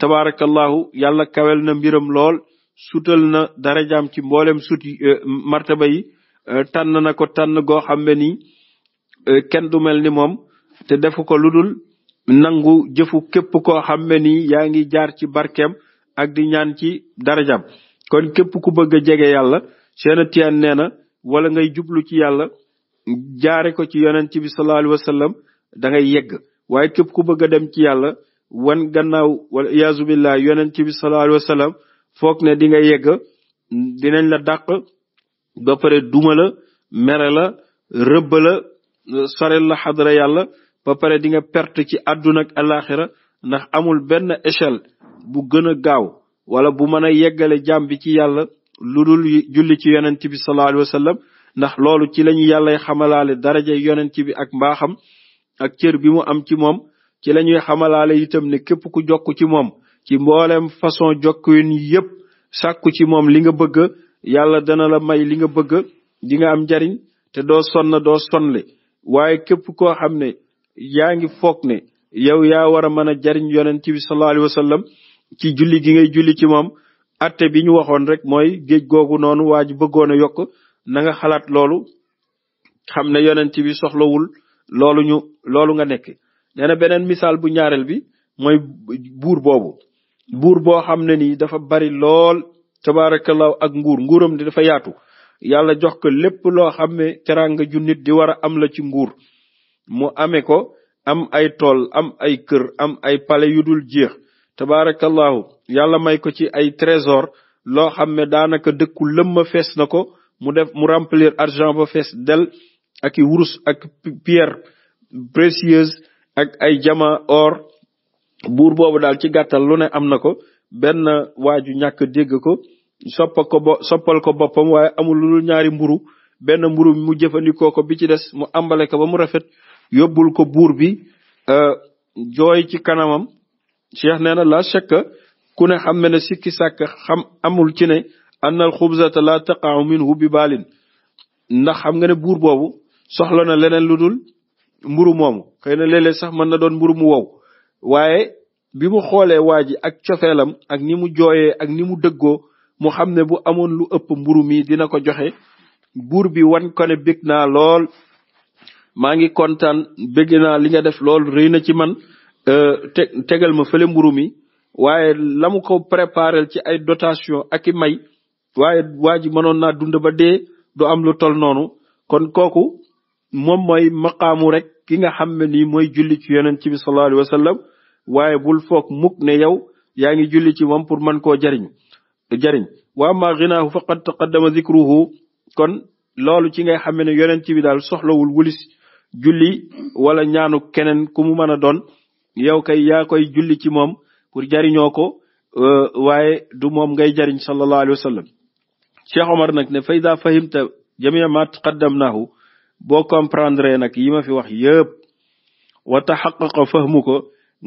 tabaarakallahu yàlla kawel na mbiram lool sutal na darajaam ci mboolem suti euh, martaba yi euh, tànn na ko tànn goo xam ne nii euh, kenn du mel ni moom te defu ko lu dul nangu jëfu képp koo xam ne nii yaa ngi jaar ci barkeem ak di ñaan ci darajaam kon képp ku bëgg a jege yàlla Cheikh na Tijaan nee na wala ngay jublu ci yàlla jaare ko ci yonent bi sallallahu alayhi wa da ngay yegg waaye képp ku bëgg a dem ci yàlla wan gannaaw wala iyaazu billah yonent bi sallallahu alayhi wa sallam ne di nga yegg dinañ la dàq ba pare duma la mere la rëbb la sorel la xadara yàlla ba pare di nga perte ci àdduna ak alaxira ndax amul benn échelle bu gën a gaaw wala bu mën a yeggale jaam bi ci yàlla lu dul julli ci yonent bi sallallahu alayhi wa ndax loolu ci lañu yàllay xamalaale daraja yonent bi ak mbaaxam ak cër bi mu am ci moom ci la ñuy xamalaale itam ne képp ku jokk ci moom ci mboolem façon jokkuwin yépp sàkku ci moom li nga bëgg yàlla dana la may li nga bëgg dinga am jariñ te doo sonn doo sonle waaye képp koo xam ne yaa ngi fook ne yow yaa war a mën a jariñ yonent bi sallallahu alayhi ci julli gi ngay julli ci moom atte bi ñu waxoon rek mooy géej googu noonu waa ji bëggoon a yokk nanga xalaat loolu xam ne yonent bi soxlawul loolu ñu loolu nga nekk nee beneen misaal bu ñaareel bi mooy buur boobu buur boo xam ne nii dafa bari lool tabaarakallahu ak nguur nguuram di dafa yaatu yàlla jox ko lépp loo xam ne teraanga junit nit di war a am la ci nguur mu amee ko am ay tool am ay kër am ay palais yu dul jeex tabaarakallahu yàlla may ko ci ay trésor loo xam ne daanaka dëkku lëmm fees na ko mu def mu remplir argent bo fees del aki wurus ak pierre précieuse ak ay jama or buur boobu daal ci gàttal lu ne am na ko benn waaju ñàkk dégg ko soppal ko bo soppal boppam waaye amul lu ñaari mburu benn mburu mu jëfandikoo ko bi ci des mu àmbale ko ba mu rafet yóbbul ko buur bi euh, jooy ci kanamam cheikh nee na la shakka ku ne xam ne ne sikki sàkk xam amul ci ne annal xubzata la taqaaw minhu bi baalin ndax xam nga ne buur boobu soxla na leneen lu dul mburu moomu xëy na léeg sax man na doon mburu mu wow waaye bi mu xoolee waa ji ak cofeelam ak ni mu jooyee ak ni mu dëggoo mu xam ne bu amoon lu ëpp mburu mi dina ko joxe buur bi wan kone ne bég naa lool maa ngi kontaan bégg naa li nga def lool rëy na ci man euh, te tegal ma fële mburu mi waaye la mu ko préparel ci ay dotation ak may waaye waa ji mënoon naa dund ba dee du am lu tol noonu kon kooku moom mooy maqaamu rek ki nga xam ne nii mooy julli ci yonent bi sallallahu alayhi wa waaye bul foog muk ne yow yaa ngi julli ci moom pour mën koo jariñ jariñ wa amma ginaahu faqad taqaddama zikruhu kon loolu ci ngay xam ne yonent bi daal soxlawul wulis julli wala ñaanu keneen ku mu mën a doon yow kay yaa koy julli ci moom pour jariñoo ko euh, waaye du moom ngay jariñ sallallahu alayhi wa omar nag ne fa ida fahimta jamia ma taqaddamnahu boo comprendre nag yi ma fi wax yëpp wa taxaqaqa fahmu ko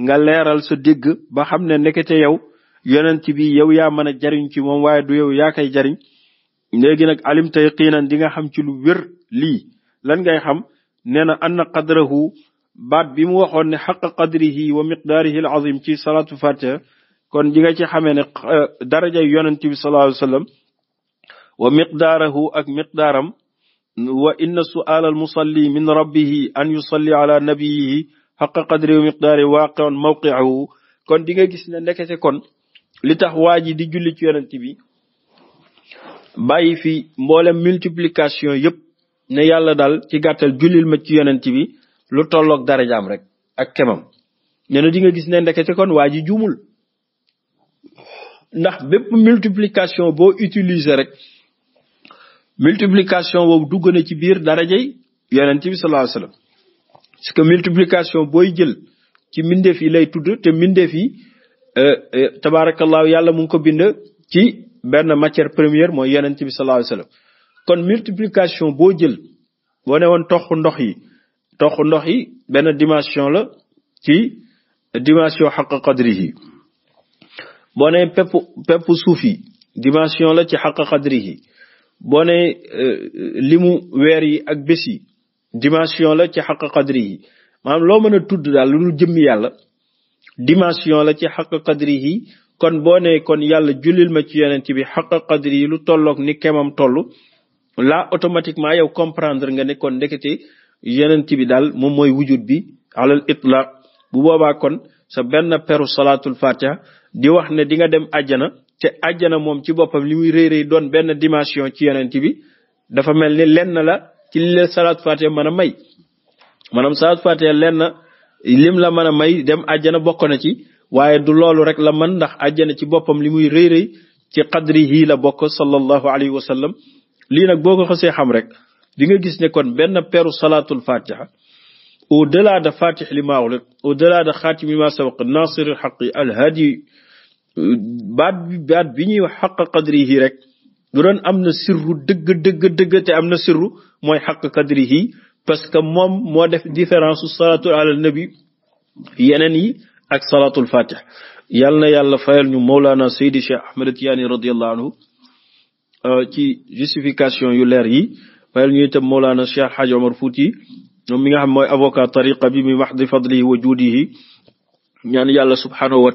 nga leeral sa digg ba xam ne ndekete yow yonent bi yow yaa mën a jariñ ci moom waaye du yow yaa kay jariñ léegi nag alim tey xiinan di nga xam ci lu wér li lan ngay xam nee na anna qadrahu baat bi mu waxoon ne xaqa qadrihi wa miqdaarihi al azim ci salaatu fatiha kon di nga ci xamee ne eh, daraja yonent bi sallallahu alayhi wa sallam wa miqdaarahu ak miqdaaram wa inna su'aal al musalli min rabbihi an yusalli ala nabiyihi xaqa qadri wa miqdaari waaqion mawqiahu kon di nga gis ne ndekete kon li tax waa ji di julli ci yonent bi bàyyi fi mboolem multiplication yëpp ne yàlla daal ci gàttal jullil ma ci yonent bi lu tollook darajaam rek ak kemam nee na nga gis ne ndekete kon waa ji juumul ndax bépp multiplication boo utiliser rek multiplication boobu dugg na ci biir darajay yonent bi sallallahu alayhi parce que multiplication booy jël ci mbindeef yi lay tudd te mbindeef yi euh, euh, tabaarakallaahu yàlla mu ngi ko bind ci benn matière première mooy yonent bi sallallahu alayhi kon multiplication boo jël boo ne woon toxu ndox yi toxu ndox yi benn dimension la ci dimension xaq qadri yi boo ne pepp pepp suuf yi dimension la ci xaq qadri yi boo ne euh, limu weer yi ak bés yi dimension la ci xaq qadri yi maanaam loo mën a tudd daal lu dul yàlla dimension la ci xaq qadri yi kon boo ne kon yàlla julil ma ci yonent bi xaq qadri yi lu tollook ni kemam toll la automatiquement yow comprendre nga ne kon ndekete yonent bi daal moom mooy wujud bi alal itlaq bu boobaa kon sa benn peru salaatul fatiha di wax ne di nga dem ajana te àjjana moom ci boppam li muy rëy rëy doon benn dimension ci yonent bi dafa mel ni lenn la ci li la salaatu a may maanaam salaatu faatiha lenn lim la mën a may dem àjjana bokk na ci waaye du loolu rek la mën ndax àjjana ci boppam li muy rëy rëy ci qadri yii la bokk sallallahu alayhi wa lii nag boo ko xasee xam rek di nga gis ne kon benn peru salaatul faatiha au delà de fatih li maawulit au delà de sabaq nasiril xaqi alhadi baat bi baat bi ñuy wax xaq qadrihi rek du doon am na sirru dëgg dëgg dëgg te am na sirru mooy xaq qadrihi parce que moom moo def différence salaatu ala nabi yeneen yi ak salaatul fatih yal na yàlla fayal ñu Mawlana Seydi Cheikh Ahmed Tiyaani radiallahu anhu euh, ci justification yu leer yi fayal ñu itam Mawlana Cheikh Hadj Omar Fouti moom mi nga xam mooy avocat tariqa bi mi wax di fadlihi wa juudihi ñaan yàlla subhanahu